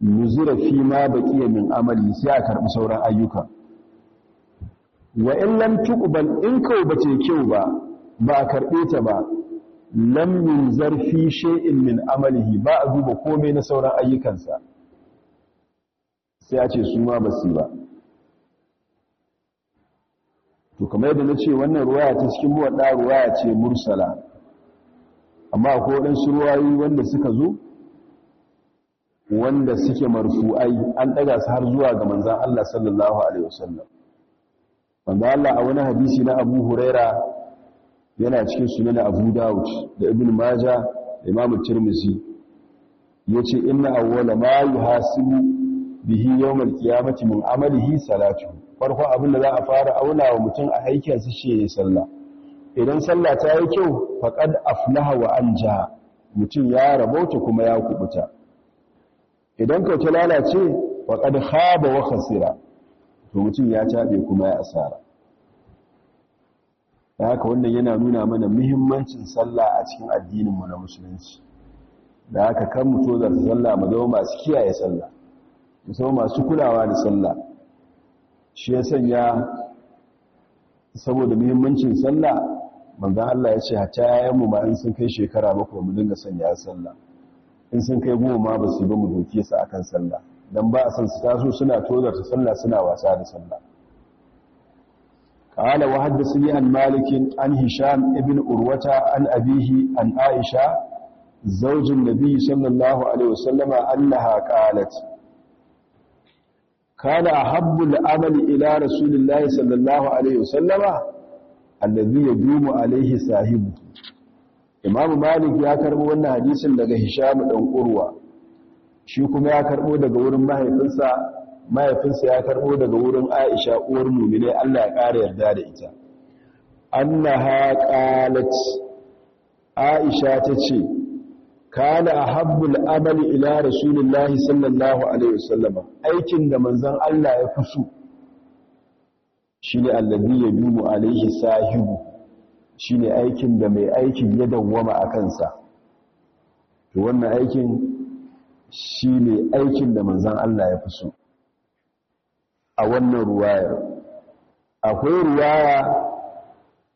nuzira fi ma baqiya min amali sai a karbi sauran ayyuka wa in lam tuqbal in kau bace kyau ba ba a karbe ta ba lam min zarfi shay'in min amalihi ba a duba komai na sauran ayyukansa sai a ce su ma basu ba to da yadda na ce wannan ruwaya ta cikin buwaɗa ruwaya ce mursala amma akwai waɗansu ruwayoyi wanda suka zo wanda suke marfu'ai an ɗaga su har zuwa ga manzan Allah sallallahu alaihi wasallam manzan Allah a wani hadisi na Abu Huraira yana cikin sunan Abu Dawud da Ibn Maja da Imam Tirmidhi yace na awwala ma yuhasibu bihi yawmal qiyamati min amalihi salatu farko abin da za a fara auna wa mutum a aikin sa shi sallah idan sallah ta yi kyau faqad aflaha wa anja mutum ya rabauta kuma ya kubuta idan ka ta lalace faqad khaba wa khasira to mutum ya tabe kuma ya asara haka wannan yana nuna mana muhimmancin sallah a cikin addininmu na musulunci da haka kan mu to su sallah mu zama masu kiyaye sallah musamman masu kulawa da sallah shi ya sanya saboda muhimmancin sallah manzan Allah ya ce hata yayanmu ba in sun kai shekara bakwai mu dinga sanya sallah in sun kai goma ma ba su ba mu doke su akan sallah dan ba a san su taso suna tozarta sallah suna wasa da sallah قال وحدثني عن مالك عن هشام ابن أروة عن أبيه عن عائشة زوج النبي صلى الله عليه وسلم أنها قالت kana habbul amali ila rasulillahi sallallahu alaihi wasallama allazi yadumu alaihi sahibu imamu malik ya karbo wannan hadisin daga hisham dan urwa shi kuma ya karbo daga wurin mahaifinsa mahaifinsa ya karbo daga wurin aisha uwar mu'minai Allah ya kare yarda da ita annaha qalat aisha tace a habbul amali ila rasulillahi sallallahu alaihi wasallam aikin da manzon Allah ya fi so shine allazi yadumu alaihi sahibu shine aikin da mai aikin ya dawwama a kansa to wannan aikin shine aikin da manzon Allah ya fi so a wannan ruwayar akwai ruwaya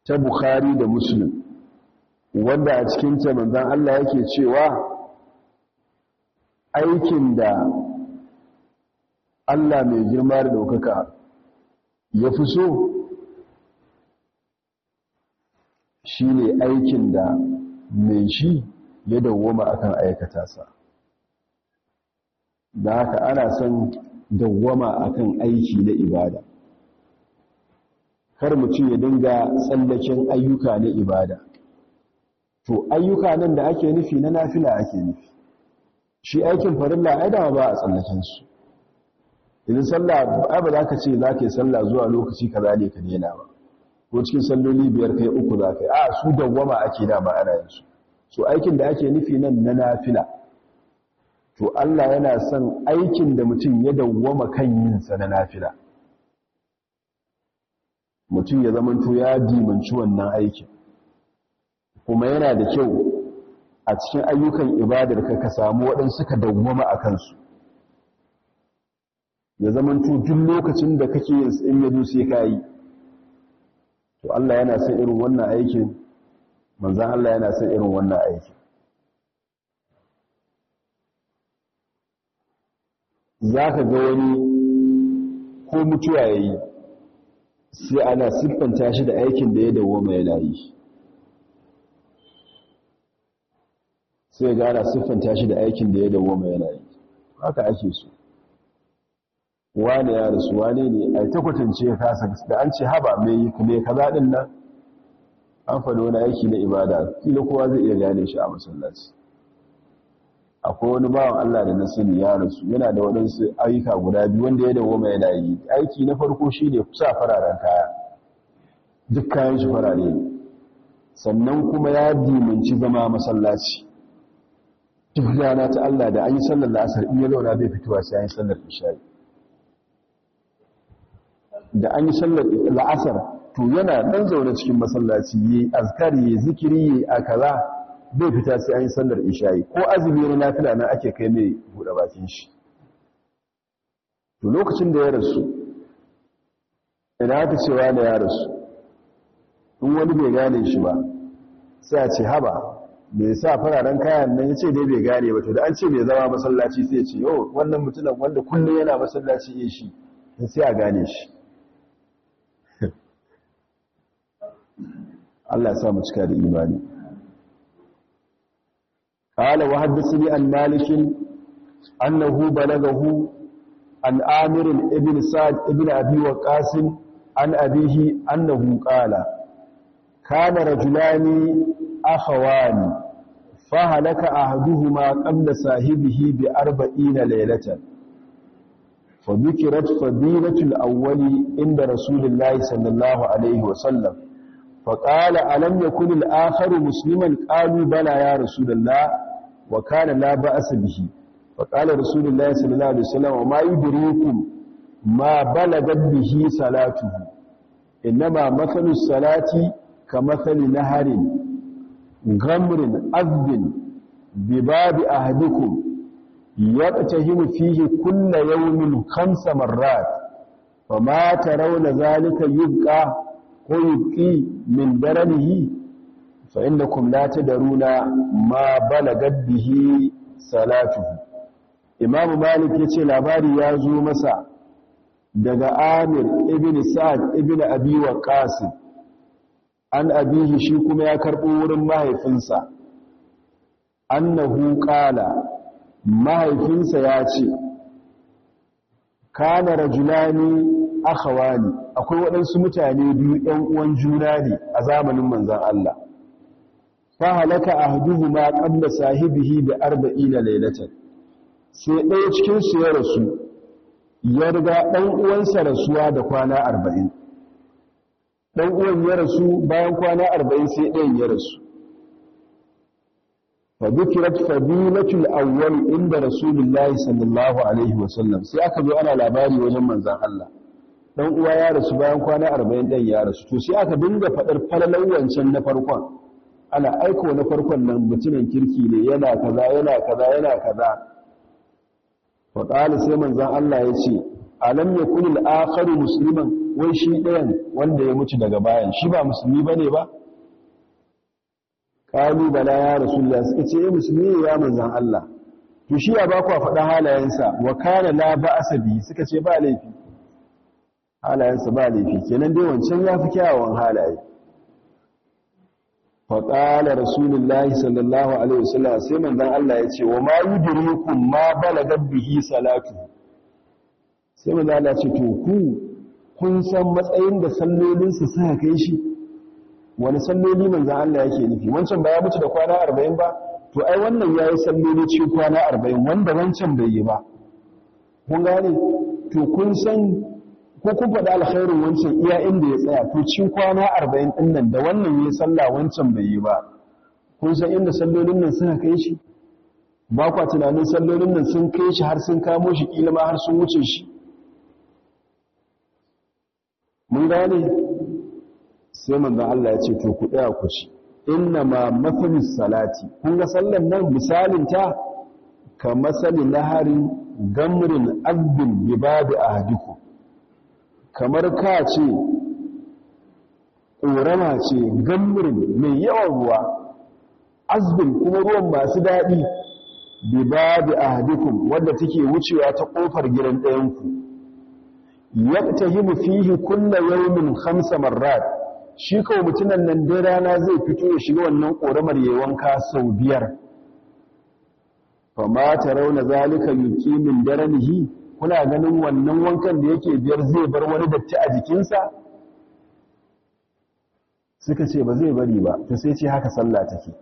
ta Bukhari da Muslim wanda a cikin ta manzon Allah yake cewa aikin da Allah mai girma da daukaka ya fi so shi ne aikin da mai shi ya dawwama akan aikata sa da haka ana son dawwama akan aiki na ibada kar mutum ya dinga tsallaken ayyuka na ibada to ayyuka nan da ake nufi na nafila ake nufi shi aikin farilla ai da ba a tsallaken su idan sallah ai ba za ka ce za ka yi sallah zuwa lokaci kaza ne ka daina ba ko cikin salloli biyar kai uku za kai. yi a su dawwama ake da ba ana yin su so aikin da ake nufi nan na nafila to Allah yana son aikin da mutum ya dawwama kan yin sa na nafila mutum ya zamanto ya dimanci wannan aikin kuma yana da kyau a cikin ayyukan ibadarka ka samu waɗansu ka dawwama a kansu ya zama duk lokacin da kake yin in ya sai ka yi to Allah yana son irin wannan aikin manzan Allah yana son irin wannan aikin za ka ga wani ko mutuwa ya yi sai ana siffanta shi da aikin da ya dawwama yana yi sai ga ana siffanta shi da aikin da ya dawoma yana yi haka ake so wane ya rasu wane ne a ta kwatance kasa da an ce haba mai yi ya kaza din nan an faɗo wani aiki na ibada kila kowa zai iya gane shi a masallaci akwai wani bawan Allah da na sani ya rasu yana da waɗansu ayyuka guda biyu wanda ya dawo yana yi aiki na farko shi ne kusa fararen kaya duk kayan shi farare ne sannan kuma ya dimanci zama masallaci rana ta Allah da an yi sallar la'asar iya zauna bai fitowa sai an yi sallar isha'i da an yi sallar la'asar to yana ɗan zaune cikin masallaci ya yi azkari ya zikiri yi a kaza zai fita sai an yi sallar isha'i ko azumi na nafila na ake kai mai buɗe bakin shi to lokacin da ya rasu ina aka cewa da ya rasu in wani bai gane shi ba sai a ce haba Mai sa fararen kayan nan ce dai bai gane ba to da an ce bai zama masallaci sai ya ce yau, oh, wannan mutumin wanda kullum yana masallaci ya shi sai a gane shi *laughs* Allah ya sa mu cika da imani qala wa bi an malik annahu balagahu an amir ibn sa'd ibn abi waqas an abihi annahu qala kana rajulani akhawani fa halaka ahaduhuma qabla sahibihi bi 40 laylatan fa dhikrat fadilatul awwali inda rasulillahi sallallahu alaihi wa sallam fa qala alam yakun al-akharu musliman qalu bala ya rasulullah wa kana la ba'sa bihi fa qala rasulullah sallallahu alaihi wa sallam ma yudrikum ma balagat bihi salatuhu inma mathalu salati ka mathali harin. gamrin azbin bibabi ahadikum yaqtahimu fihi kulla yawmin khamsa marrat fama tarawna zalika yubqa ko yubqi min daranihi fa innakum da runa ma balagat bihi salatuhu imam malik yace labari ya zo masa daga amir ibn sa'ad ibn abi waqasim an abihi shi kuma ya karɓo wurin mahaifinsa annahu qala mahaifinsa ya ce kana rajulani akhawani akwai waɗansu mutane biyu ɗan uwan juna ne a zamanin manzon Allah fa halaka ahduhuma qabla sahibihi bi 40 laylatan sai ɗaya cikin su ya rasu ya riga ɗan uwansa rasuwa da kwana arba'in. Ɗan uwan ya rasu bayan kwana 40 sai ɗayan ya rasu fa fadilatul awwal inda rasulullahi sallallahu alaihi wasallam sai aka zo ana labari wajen manzan Allah Ɗan uwa ya rasu bayan kwana 40 ɗayan ya rasu to sai aka dinga faɗar falalan wancan na farkon ana aiko na farkon nan mutumin kirki ne yana kaza yana kaza yana kaza fa sai manzan Allah ya ce alam yakun akharu musliman wai shi ɗayan wanda ya mutu daga bayan shi ba musulmi ba ne ba ƙalu bala ya rasulullah suka ce eh, musulmi ya manzan Allah to shi ya ba kuwa faɗa halayensa wa kana la ba asabi suka ce ba laifi halayensa ba laifi kenan dai wancan ya fi kyawawan halaye faƙala rasulullahi sallallahu alaihi wasallam sai manzan Allah ya ce wa ma yudrikum ma balagat salatu sai manzon Allah ce to ku kun san matsayin da sallolinsu suka kai shi wani salloli manzan Allah yake nufi wancan ba ya mutu da kwana arba'in ba to ai wannan ya yi salloli cikin kwana arba'in wanda wancan bai yi ba kun gane to kun san ko kun faɗi alkhairin wancan iya inda ya tsaya to cikin kwana arba'in ɗin nan da wannan ya yi sallah wancan bai yi ba kun san inda sallolin nan suka kai shi ba kwa tunanin sallolin nan sun kai shi har sun kamo shi kila ma har sun wuce shi mun gane sai manzon Allah ya ce to ku daya ku ci inna ma mafalis salati kun ga sallan nan misalin ta ka masalin naharin gamrin abdin ibadu ahdiku kamar ka ce ƙorama ce gamrin mai yawan ruwa azbin kuma ruwan masu daɗi bibadi ahadikum wanda take wucewa ta ƙofar gidan ɗayanku yaktahimu fihi kulla yawmin khamsa marrat shi ko mutunan nan dai rana zai fito ya shiga wannan koramar yayin wanka sau biyar fa ma tarawna zalika yuqimin daranihi kuna ganin wannan wankan da yake biyar zai bar wani datti a jikinsa suka ce ba zai bari ba to sai ce haka sallah take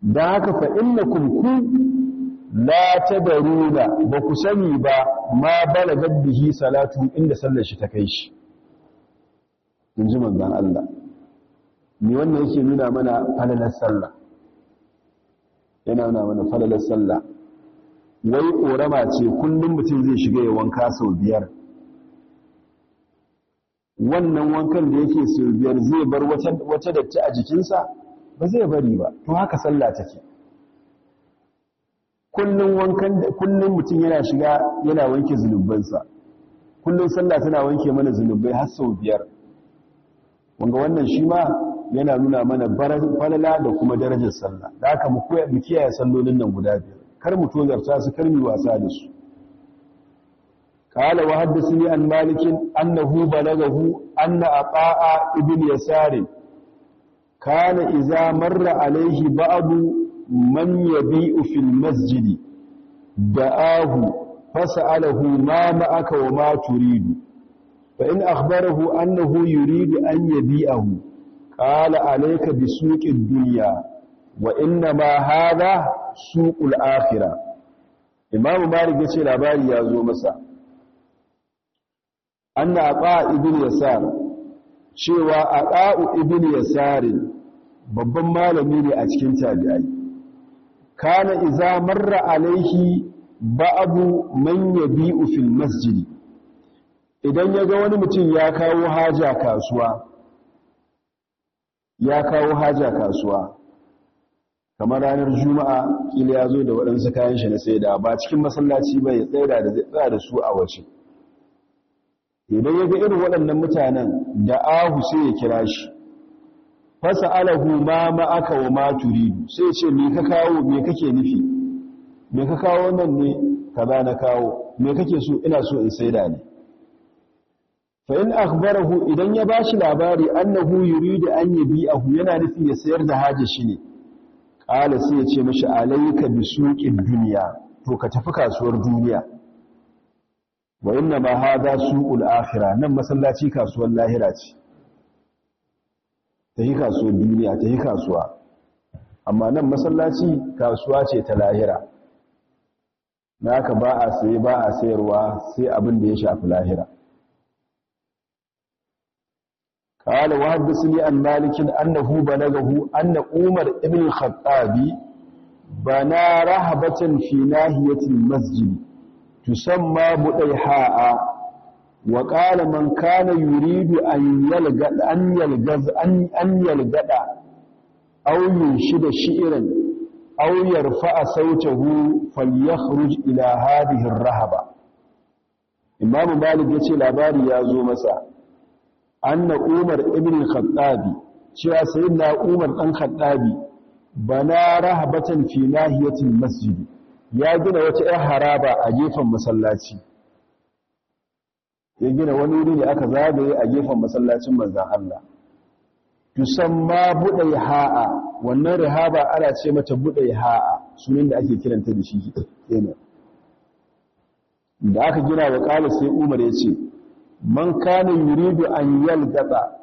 dan haka fa innakum kun la daruna ba ku sani ba ma balagat bihi salatu inda sallar shi ta kai shi ji manzan Allah ni wannan yake nuna mana falalar sallah yana nuna mana falalar sallah wai ƙorama ce kullum mutum zai shiga ya wanka sau biyar wannan wankan da yake sau biyar zai bar wata datti a jikinsa ba zai bari ba to haka sallah take kullum wankan kullum mutum yana shiga yana wanke zunubansa kullum sallah tana wanke mana zunubai har sau biyar wanda wannan shi ma yana nuna mana falala da kuma darajar sallah da haka mu koya mu kiyaye sallolin nan guda biyar kar mu tozarta su kar mu wasa da su قال وحدثني عن مالك annahu بلغه أن أطاء ابن يسار كان إذا مر عليه بعض man yabi'u fil masjidi da'ahu fas'alahu ma ma'aka wa ma turidu fa in akhbarahu annahu yuridu an yabi'ahu qala alayka bisuqid dunya wa inna ma hadha suqul akhirah imam malik yace labari ya zo masa anna aqa ibn yasar cewa aqa'u ibn yasar babban malami ne a cikin tabi'ai kana iza marra alaihi ba'abu man yabi'u fil masjidi idan ya ga wani mutum ya kawo haja kasuwa ya kawo haja kasuwa kamar ranar juma'a kila ya zo da waɗansu kayan shi na saida ba cikin masallaci ba ya tsaida da tsaya da su a waje idan ya ga irin waɗannan mutanen da ahu sai ya kira shi Fasa alahu ma ma'aka wa maturi, sai ce me ka kawo me kake nufi me ka kawo nan ne Ka ba na kawo me kake so ina so in saida ne fa in akhbarahu idan ya bashi labari annahu yuridu an Ahu, yana nufi ya sayar da Haji shi ne qala sai ya ce mishi alayka bi suqid dunya to ka tafi kasuwar duniya wa inna ma hada suqul akhirah nan masallaci kasuwar lahira ce ta yi kasuwa duniya ta yi kasuwa amma nan masallaci kasuwa ce ta lahira na haka ba a sai ba a sayarwa sai abin da ya shafi lahira قال وحدثني عن مالك أنه بلغه أن عمر بن الخطاب بنى رهبة في ناهية المسجد تسمى ha'a. Waƙala qala man kana yuridu an yalga an yalgaz an an yalgada aw yunshida shi'ran aw yarfa'a sautahu falyakhruj ila hadhihi ar-rahaba imam malik yace labarin ya zo masa anna umar ibn al-khattabi cewa sayyidina umar ɗan khattabi bana raha rahabatan fi nahiyatil masjid ya gina wata 'yar haraba a gefen masallaci ya gina wani wuri da aka zagaye a gefen masallacin manzan Allah tusamma buɗe ha'a wannan ba ana ce mata buɗe ha'a sunan da ake kiranta da shi kenan da aka gina wa kala sai Umar ya ce man kana yuridu an yalgata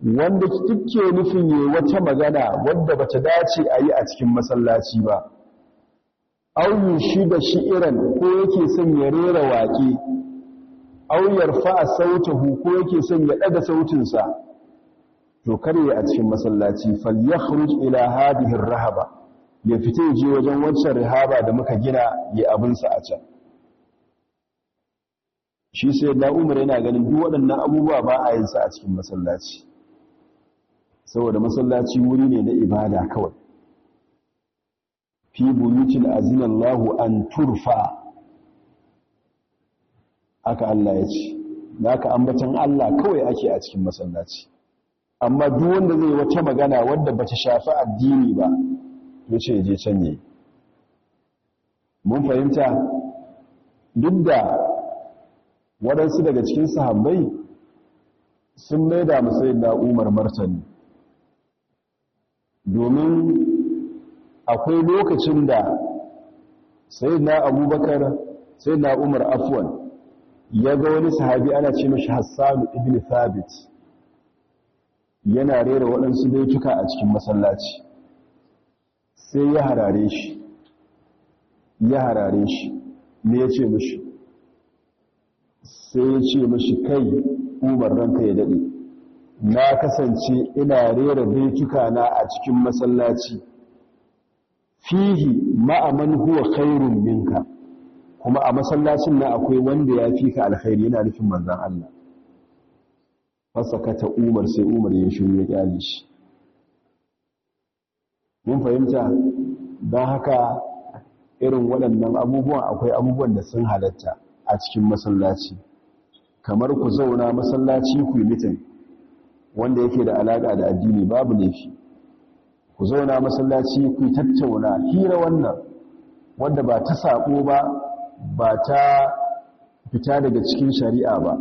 wanda kike nufin yi wata magana wanda bata dace a yi a cikin masallaci ba au shi shiiran ko yake son ya rera waƙe auyar fa'a sautahu ko yake son ya ɗaga sautinsa to karye a cikin masallaci falyakhruj ila hadhihi rahaba ya fita je wajen wancan rahaba da muka gina ya abinsa a can shi sai da umar yana ganin duk waɗannan abubuwa ba a yin sa a cikin masallaci saboda masallaci wuri ne na ibada kawai fi buyutin azinallahu an turfa haka Allah ya ce da aka ambatan Allah kawai ake a cikin masallaci amma duk wanda zai wata magana wadda bata shafi addini ba yace ce je can ne mun fahimta duk da waɗansu daga cikin sahabbai sun maida musayin da umar martani domin akwai lokacin da sai na abubakar sai na umar afuwan ya ga wani sahabi ana ce mashi hassanu ibn thabit yana rera waɗansu baituka a cikin masallaci sai ya harare shi ya harare shi me ya ce mashi sai ya ce mashi kai umar ranka ya daɗe na kasance ina rera baituka na a cikin masallaci fihi ma'aman huwa khairun minka kuma a masallacin nan akwai wanda ya fi ka alkhairi yana nufin manzan Allah fasakata umar sai umar ya shi ya kyale shi mun fahimta don haka irin waɗannan abubuwan akwai abubuwan da sun halatta a cikin masallaci kamar ku zauna masallaci ku yi mitin wanda yake da alaƙa da addini babu laifi ku zauna masallaci ku tattauna hira wannan wanda ba ta saƙo ba ba ta fita daga cikin shari'a ba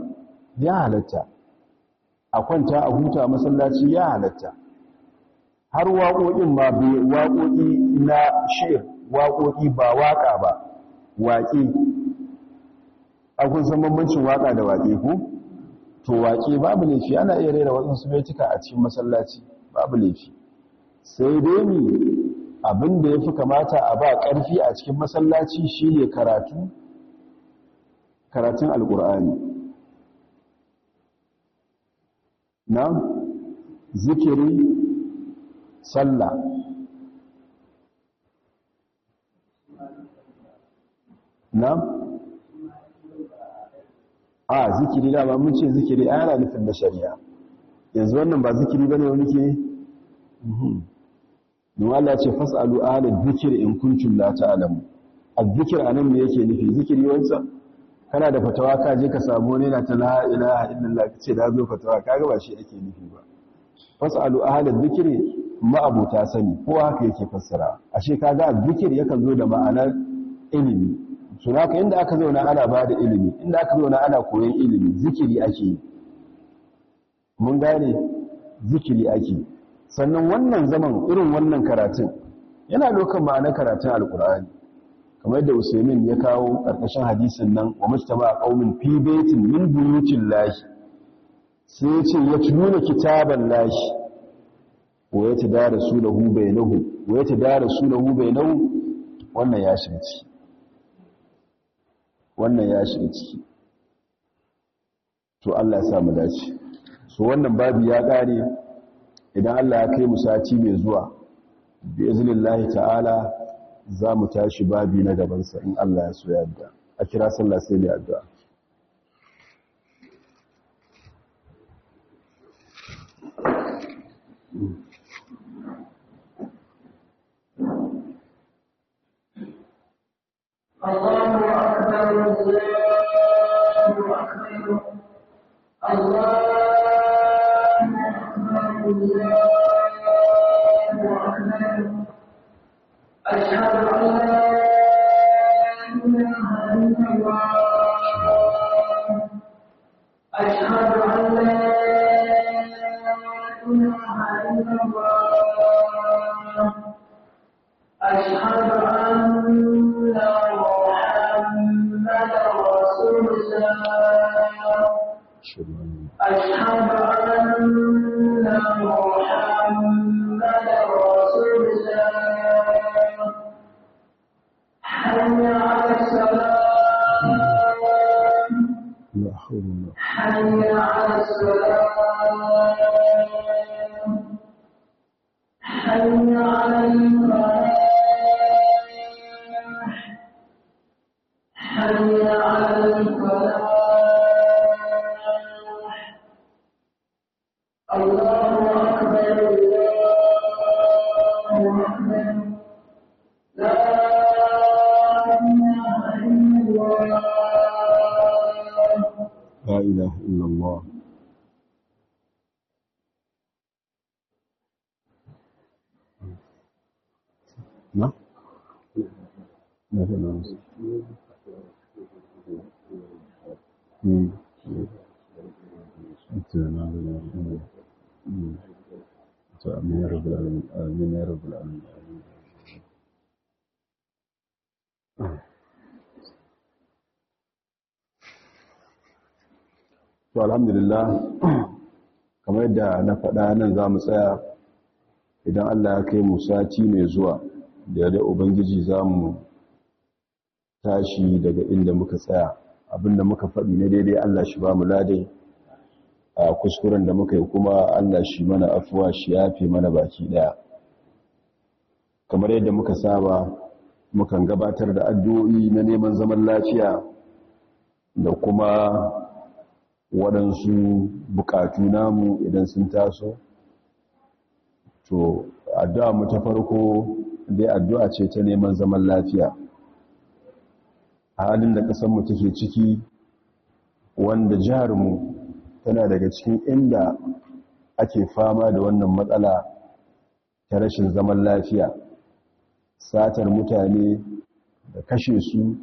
ya halatta a kwanta a huta masallaci ya halatta har waƙoƙin ma bai waƙoƙi na shir waƙoƙi ba waƙa ba waƙe akwai san waƙa da waƙe ko to waƙe babu laifi ana iya raira waɗansu baitika a cikin masallaci babu laifi sai dai ne abin da ya fi kamata a ba ƙarfi a cikin masallaci shi ne karatu karatun Al-Ƙur'ani na zikiri sallah na a zikiri da ba mun ce zikiri a yana nufin na shari'a yanzu wannan ba zikiri ba ne wani ke mhm. don Allah ce fas'alu ahla dhikr in kuntum la ta'lamu azzikir anan me yake nufi zikiri wansa kana da fatawa ka je ka samu ne na ta la ilaha illallah kace da zo fatawa kaga ba shi ake nufi ba fas'alu ahla dhikr ma'abuta sani ko haka yake fassara ashe kaga azzikir yakan zo da ma'anar ilimi sunaka inda aka zauna ana bada ilimi inda aka zauna ana koyon ilimi zikiri ake mun gane zikiri ake sannan wannan zaman irin wannan karatun yana dokan ma'ana karatun alkur'ani kamar da usaimin ya kawo ƙarƙashin hadisin nan wa mustaba qaumin fi baitin min buyutin lahi sai ya ce tuna kitaban lahi wa yatadarasunahu bainahu wa yatadarasunahu bainahu wannan ya shiga ciki wannan ya shiga ciki to Allah ya sa mu dace so wannan babu ya kare idan Allah ya kai mu sati mai zuwa bi iznillahi ta'ala za mu tashi babi na gaban sa in Allah ya so ya yadda a kira sallah sai da addu'a Allahu akbar Allahu akbar الله alhamdulillah *clears throat* kamar yadda na faɗa nan za mu tsaya idan allah ya kai mu sati mai zuwa da yadda ubangiji za mu tashi daga inda muka tsaya abinda muka faɗi na daidai allah shi ba mu lade a kuskuren da muka yi kuma allah shi mana afuwa shi yafe mana baki ɗaya kamar yadda muka saba mukan gabatar da addu'o'i na neman zaman lafiya da kuma waɗansu buƙatu namu idan sun taso to addu'a mu ta farko dai addu'a ce ta neman zaman lafiya a halin da ƙasarmu take ciki wanda jiharmu tana daga cikin inda ake fama da wannan matsala ta rashin zaman lafiya satar mutane da kashe su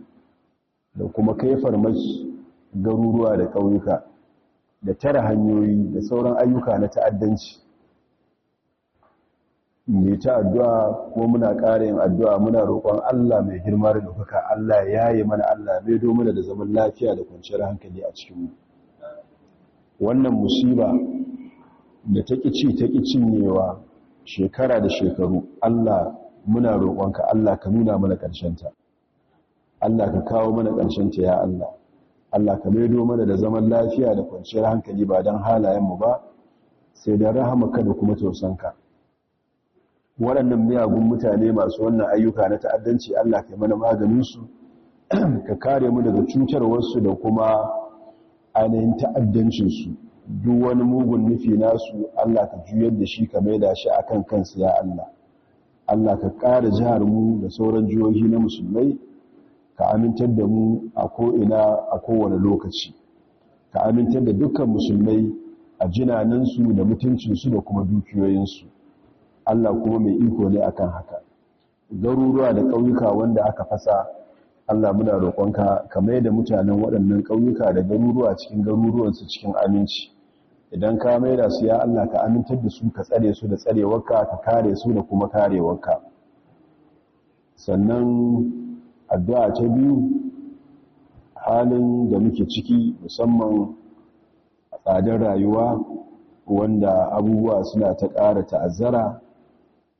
da kuma kai farmaki garuruwa da ƙauyuka da tara hanyoyi da sauran ayyuka na ta'addanci mai ta addu'a ko muna ƙara yin addu'a muna roƙon Allah mai girma da ɗaukaka Allah ya yi mana Allah mai domina da zaman lafiya da kwanciyar hankali a cikinmu wannan musiba da ta ƙici ta cinyewa shekara da shekaru Allah muna roƙonka Allah ka nuna mana ƙarshenta Allah ka kawo mana ƙarshenta ya Allah Allah ka maido mana da zaman lafiya da kwanciyar hankali ba don halayenmu ba sai da rahamaka da kuma tausanka waɗannan miyagun mutane masu wannan ayyuka na ta'addanci Allah ka mana maganinsu ka kare mu daga cutarwarsu da kuma ainihin ta'addancinsu duk wani mugun nufi nasu Allah ka juyar da shi ka maida shi akan kansu ya Allah Allah ka ƙara jihar mu da sauran jihohi na musulmai ka amintar da mu a ko'ina a kowane lokaci ka amintar da dukkan musulmai a jinanansu da mutuncinsu da kuma dukiyoyinsu Allah kuma mai iko ne a kan haka garuruwa da ƙauyuka wanda aka fasa Allah muna roƙonka ka mai da mutanen waɗannan ƙauyuka da garuruwa cikin garuruwansu cikin aminci idan ka mai da su ya Allah ka amintar da su ka tsare su da tsarewarka ka kare su da kuma karewarka sannan addu'a ta biyu halin da muke ciki musamman a tsadar rayuwa wanda abubuwa suna ta ƙara ta'azzara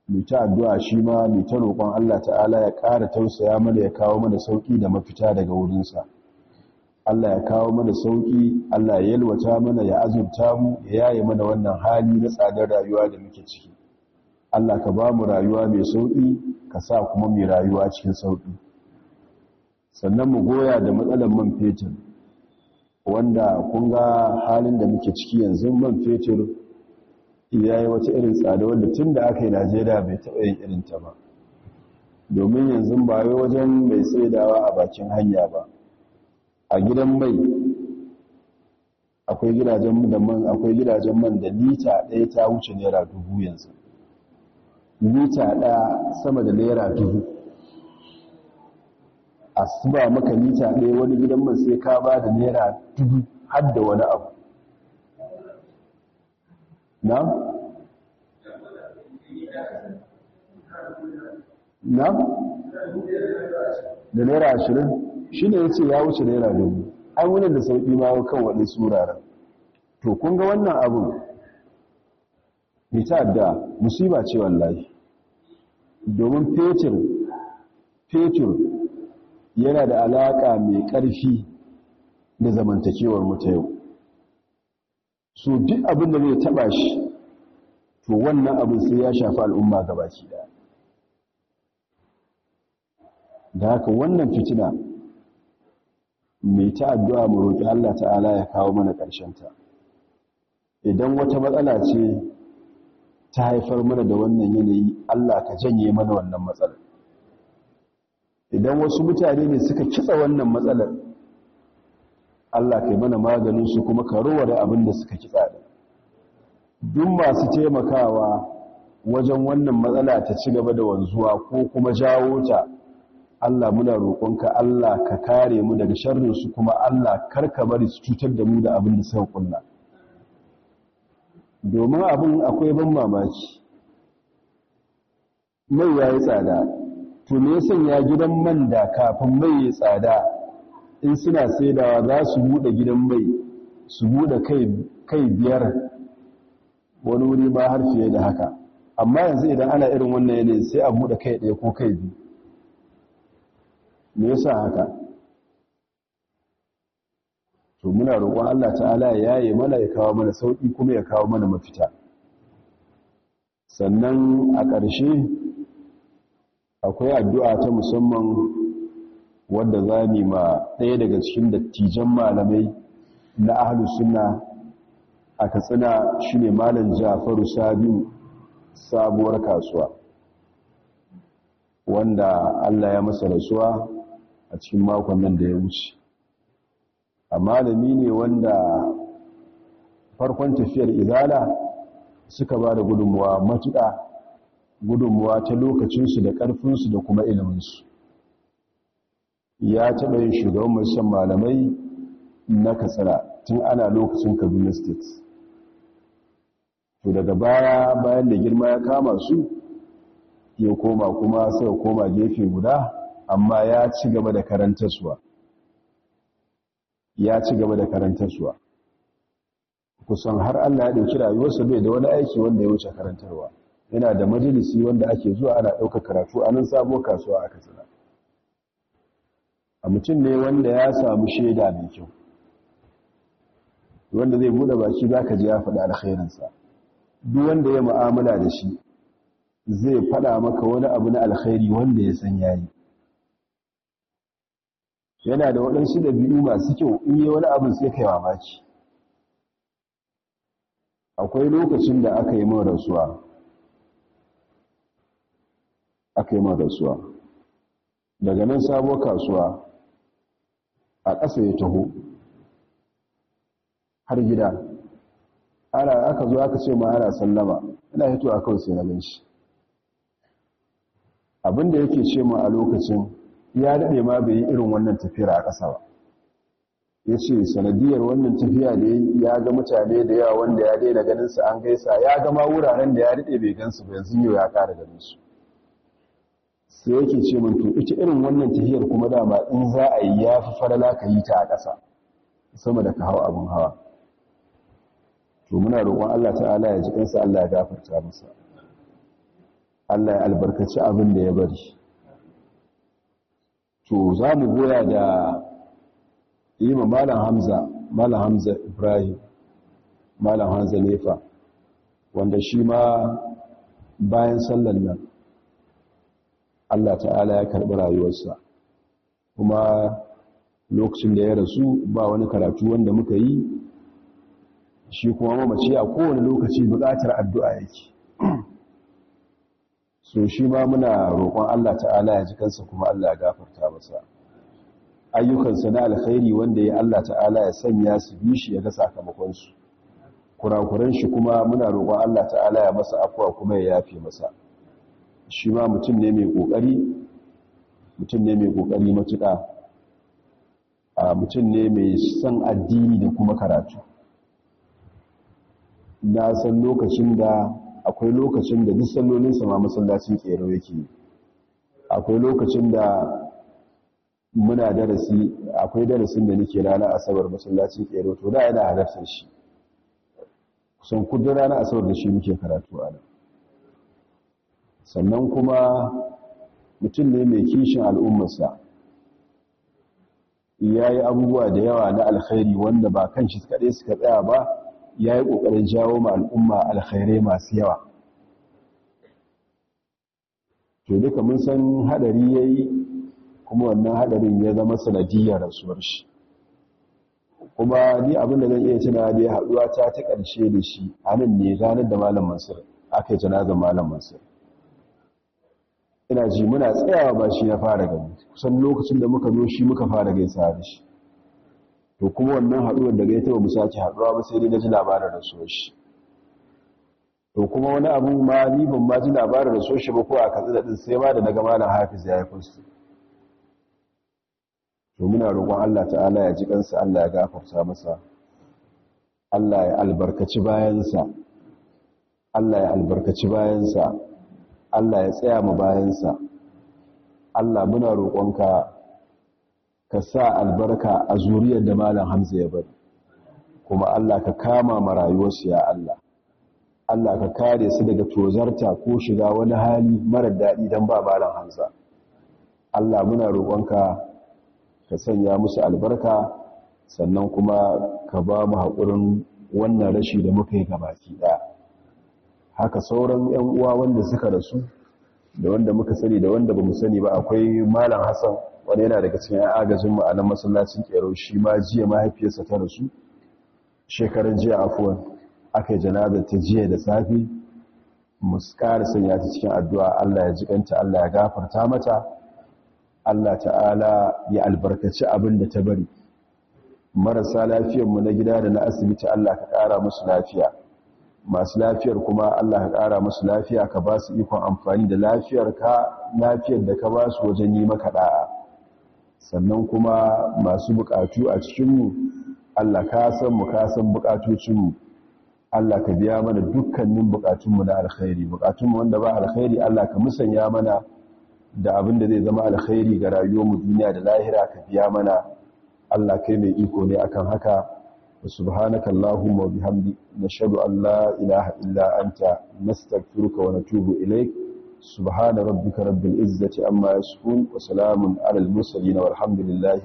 mai addu'a shi ma mai ta roƙon Allah ta'ala ya ƙara tausaya mana ya kawo mana sauƙi da mafita daga wurinsa Allah ya kawo mana sauƙi Allah ya yalwata mana ya azurta mu ya yaye mana wannan hali na tsadar rayuwa da muke ciki Allah ka ba mu rayuwa mai sauƙi ka sa kuma mai rayuwa cikin sauƙi sannan mu goya da matsalar man fetur wanda kun ga halin da muke ciki yanzu man fetur ya yi wata irin tsada wanda tun da aka yi najeriya bai taɓa yin irin ta ba domin yanzu ba wai wajen mai saidawa a bakin hanya ba a gidan mai akwai gidajen da man akwai gidajen man da lita ɗaya ta wuce naira dubu yanzu lita ɗaya sama da naira dubu a ba maka mita ɗaya wani gidan man sai ka ba da naira dubu har da wani abu na? na? da naira ashirin shi ne ya ce ya wuce naira dubu an wunan da sauƙi ma kan waɗe wuraren to kun ga wannan abin mita da musiba ce wallahi domin fetur fetur yana da alaƙa mai ƙarfi da zamantakewar mu yau Su duk abin da zai taɓa shi to wannan abin sai ya shafi al'umma gabaki ɗaya da haka wannan fitina mai ta addu'a mu roƙi Allah ta'ala ya kawo mana ƙarshen ta. idan wata matsala ce ta haifar mana da wannan yanayi Allah ka janye mana wannan matsalar idan wasu mutane ne suka kitsa wannan matsalar Allah kai mana maganin su kuma ka da abin da suka kitsa da duk masu taimakawa wajen wannan matsala ta ci gaba da wanzuwa ko kuma jawo ta Allah muna roƙonka Allah ka kare mu daga sharrin su kuma Allah kar ka bari su cutar da mu da abin da suka kulla domin abin akwai ban mamaki mai yayi tsada to me yasan ya gidan man da kafin mai ya tsada in suna saidawa za su bude gidan mai su bude kai biyar wani wuri ba har fiye da haka amma yanzu idan ana irin wannan yanayin sai a bude kai ɗaya ko kai biyu me yasa haka to muna roƙon Allah ta'ala ya yi mana ya kawo mana sauki kuma ya kawo mana mafita sannan a ƙarshe akwai addu'a ta musamman wadda za ma ɗaya daga cikin dattijan malamai na ahlus sunna a katsina shine malam Jafaru Sabiu sabuwar kasuwa wanda Allah ya masa rasuwa a cikin makon nan da ya wuce a malami ne wanda farkon tafiyar izala suka ba da gudunmuwa matuɗa gudunmuwa ta lokacinsu da ƙarfinsu da kuma iliminsu ya taɓa yin shugaban mashan malamai na katsira tun ana lokacin kaduna state to daga baya bayan da girma ya kama su ya koma kuma sai koma gefe guda amma ya ci gaba da karantarsuwa ya ci gaba da karantarsuwa kusan har allah ya ɗauki rayuwarsa bai da wani aiki wanda ya wuce karantarwa yana da majalisi wanda ake zuwa ana ɗaukar karatu a nan sabuwar kasuwa a katsina a mutum ne wanda ya samu shaida mai kyau wanda zai buɗe baki za ka ji ya faɗi alkhairinsa duk wanda ya mu'amala da shi zai faɗa maka wani abu na alkhairi wanda ya san yayi yana da waɗansu ɗabi'u masu kyau in yi wani abin sai kai mamaki akwai lokacin da aka yi min rasuwa aka yi ma daga nan sabuwar kasuwa a ƙasa ya taho har gida ana aka zo aka ce ma ana sallama ina hito a kawai sai na gan shi abinda yake ce ma a lokacin ya daɗe ma bai yi irin wannan tafiyar a ƙasa ba ya ce sanadiyar wannan tafiya da ya ga mutane da yawa wanda ya daina ganinsa an gaisa ya ga ma wuraren da ya daɗe bai gansu ba yanzu yau ya ƙara ganinsu sai yake ce min to ita irin wannan tahiyar kuma dama in za a yi ya fi farala ka yi ta a ƙasa sama da ka hau abin hawa to muna roƙon Allah ta'ala ya ji kansa Allah ya gafarta masa Allah ya albarkaci abin da ya bari to za mu goya da yi ma malam hamza malam hamza ibrahim malam hamza nefa wanda shi ma bayan sallan nan Allah ta'ala ya karɓi rayuwarsa kuma lokacin da ya rasu ba wani karatu wanda muka yi shi kuma mamaci a kowane lokaci buƙatar addu'a yake *clears throat* so shi ma muna roƙon Allah ta'ala ya ji kansa kuma Allah ya gafarta masa ayyukansa na alkhairi wanda ya Allah ta'ala ya sanya su bi shi ya ga sakamakonsu kurakuran shi kuma muna roƙon Allah ta'ala ya masa afuwa kuma ya yafe masa shi ma mutum ne mai ƙoƙari mutum ne mai ƙoƙari matuƙa a mutum ne mai san addini da kuma karatu na san lokacin da akwai lokacin da duk sallolinsa ma masallacin ƙero yake akwai lokacin da muna darasi akwai darasin da nake rana asabar masallacin ƙero to da yana halartar shi kusan kudin rana asabar da shi muke karatu a nan sannan kuma mutum ne mai kishin al'ummarsa ya yi abubuwa da yawa na alkhairi wanda ba kan shi kaɗai suka tsaya ba ya yi ƙoƙarin jawo ma al'umma alkhairai masu yawa to duka mun san haɗari ya yi kuma wannan haɗarin ya zama sanadiyar rasuwar shi kuma ni abin da zan iya tuna da ya haɗuwa ta ta ƙarshe da shi a nan ne ranar da malam mansur aka yi janazar malam mansur ina ji muna tsayawa ba shi na fara gani kusan lokacin da muka zo shi muka fara gaisa da shi to kuma wannan haɗuwar da ita ba mu sake haɗuwa ba sai dai na ji labarin so shi to kuma wani abu ma ni ban ma ji labarin shi ba ko a katsina ɗin sai ma da na gama na hafiz ya yi fusti to muna roƙon Allah ta'ala ya ji kansa Allah ya gafarta masa Allah ya albarkaci bayansa Allah ya albarkaci bayansa Allah ya tsaya mu bayansa Allah muna roƙonka ka sa albarka a zuriyar da malam Hamza ya bari kuma Allah ka kama ma rayuwarsu ya Allah Allah ka kare su daga tozarta ko shiga wani hali mara daɗi don ba malam Hamza Allah muna roƙonka ka sanya musu albarka sannan kuma ka ba mu haƙurin wannan rashi da muka yi gabaki ɗaya haka sauran yan uwa wanda suka rasu da wanda muka sani da wanda bamu sani ba akwai malam Hassan wanda yana daga cikin agajin mu a nan masallacin Kero shi ma jiya mahaifiyarsa ta rasu shekaran jiya afuwan yi janazar ta jiya da safe. mu ƙara sanya ta cikin addu'a Allah ya jikanta Allah ya gafarta mata Allah ta'ala ya albarkaci abin da ta bari marasa lafiyar mu na gida da na asibiti Allah ka ƙara musu lafiya masu lafiyar kuma Allah ka ƙara musu lafiya ka ba su ikon amfani da lafiyar ka lafiyar da ka ba su wajen yi maka da'a sannan kuma masu buƙatu a cikinmu Allah ka san mu ka san buƙatocinmu Allah ka biya mana dukkanin buƙatunmu na alkhairi buƙatunmu wanda ba alkhairi Allah ka musanya mana da abin da zai zama alkhairi ga rayuwarmu duniya da lahira ka biya mana Allah kai mai iko ne akan haka subhanaka allahumma wa bihamdi nashhadu an la ilaha illa anta nastaghfiruka wa natubu ilayk subhana rabbika rabbil izzati amma yasifun wa salamun alal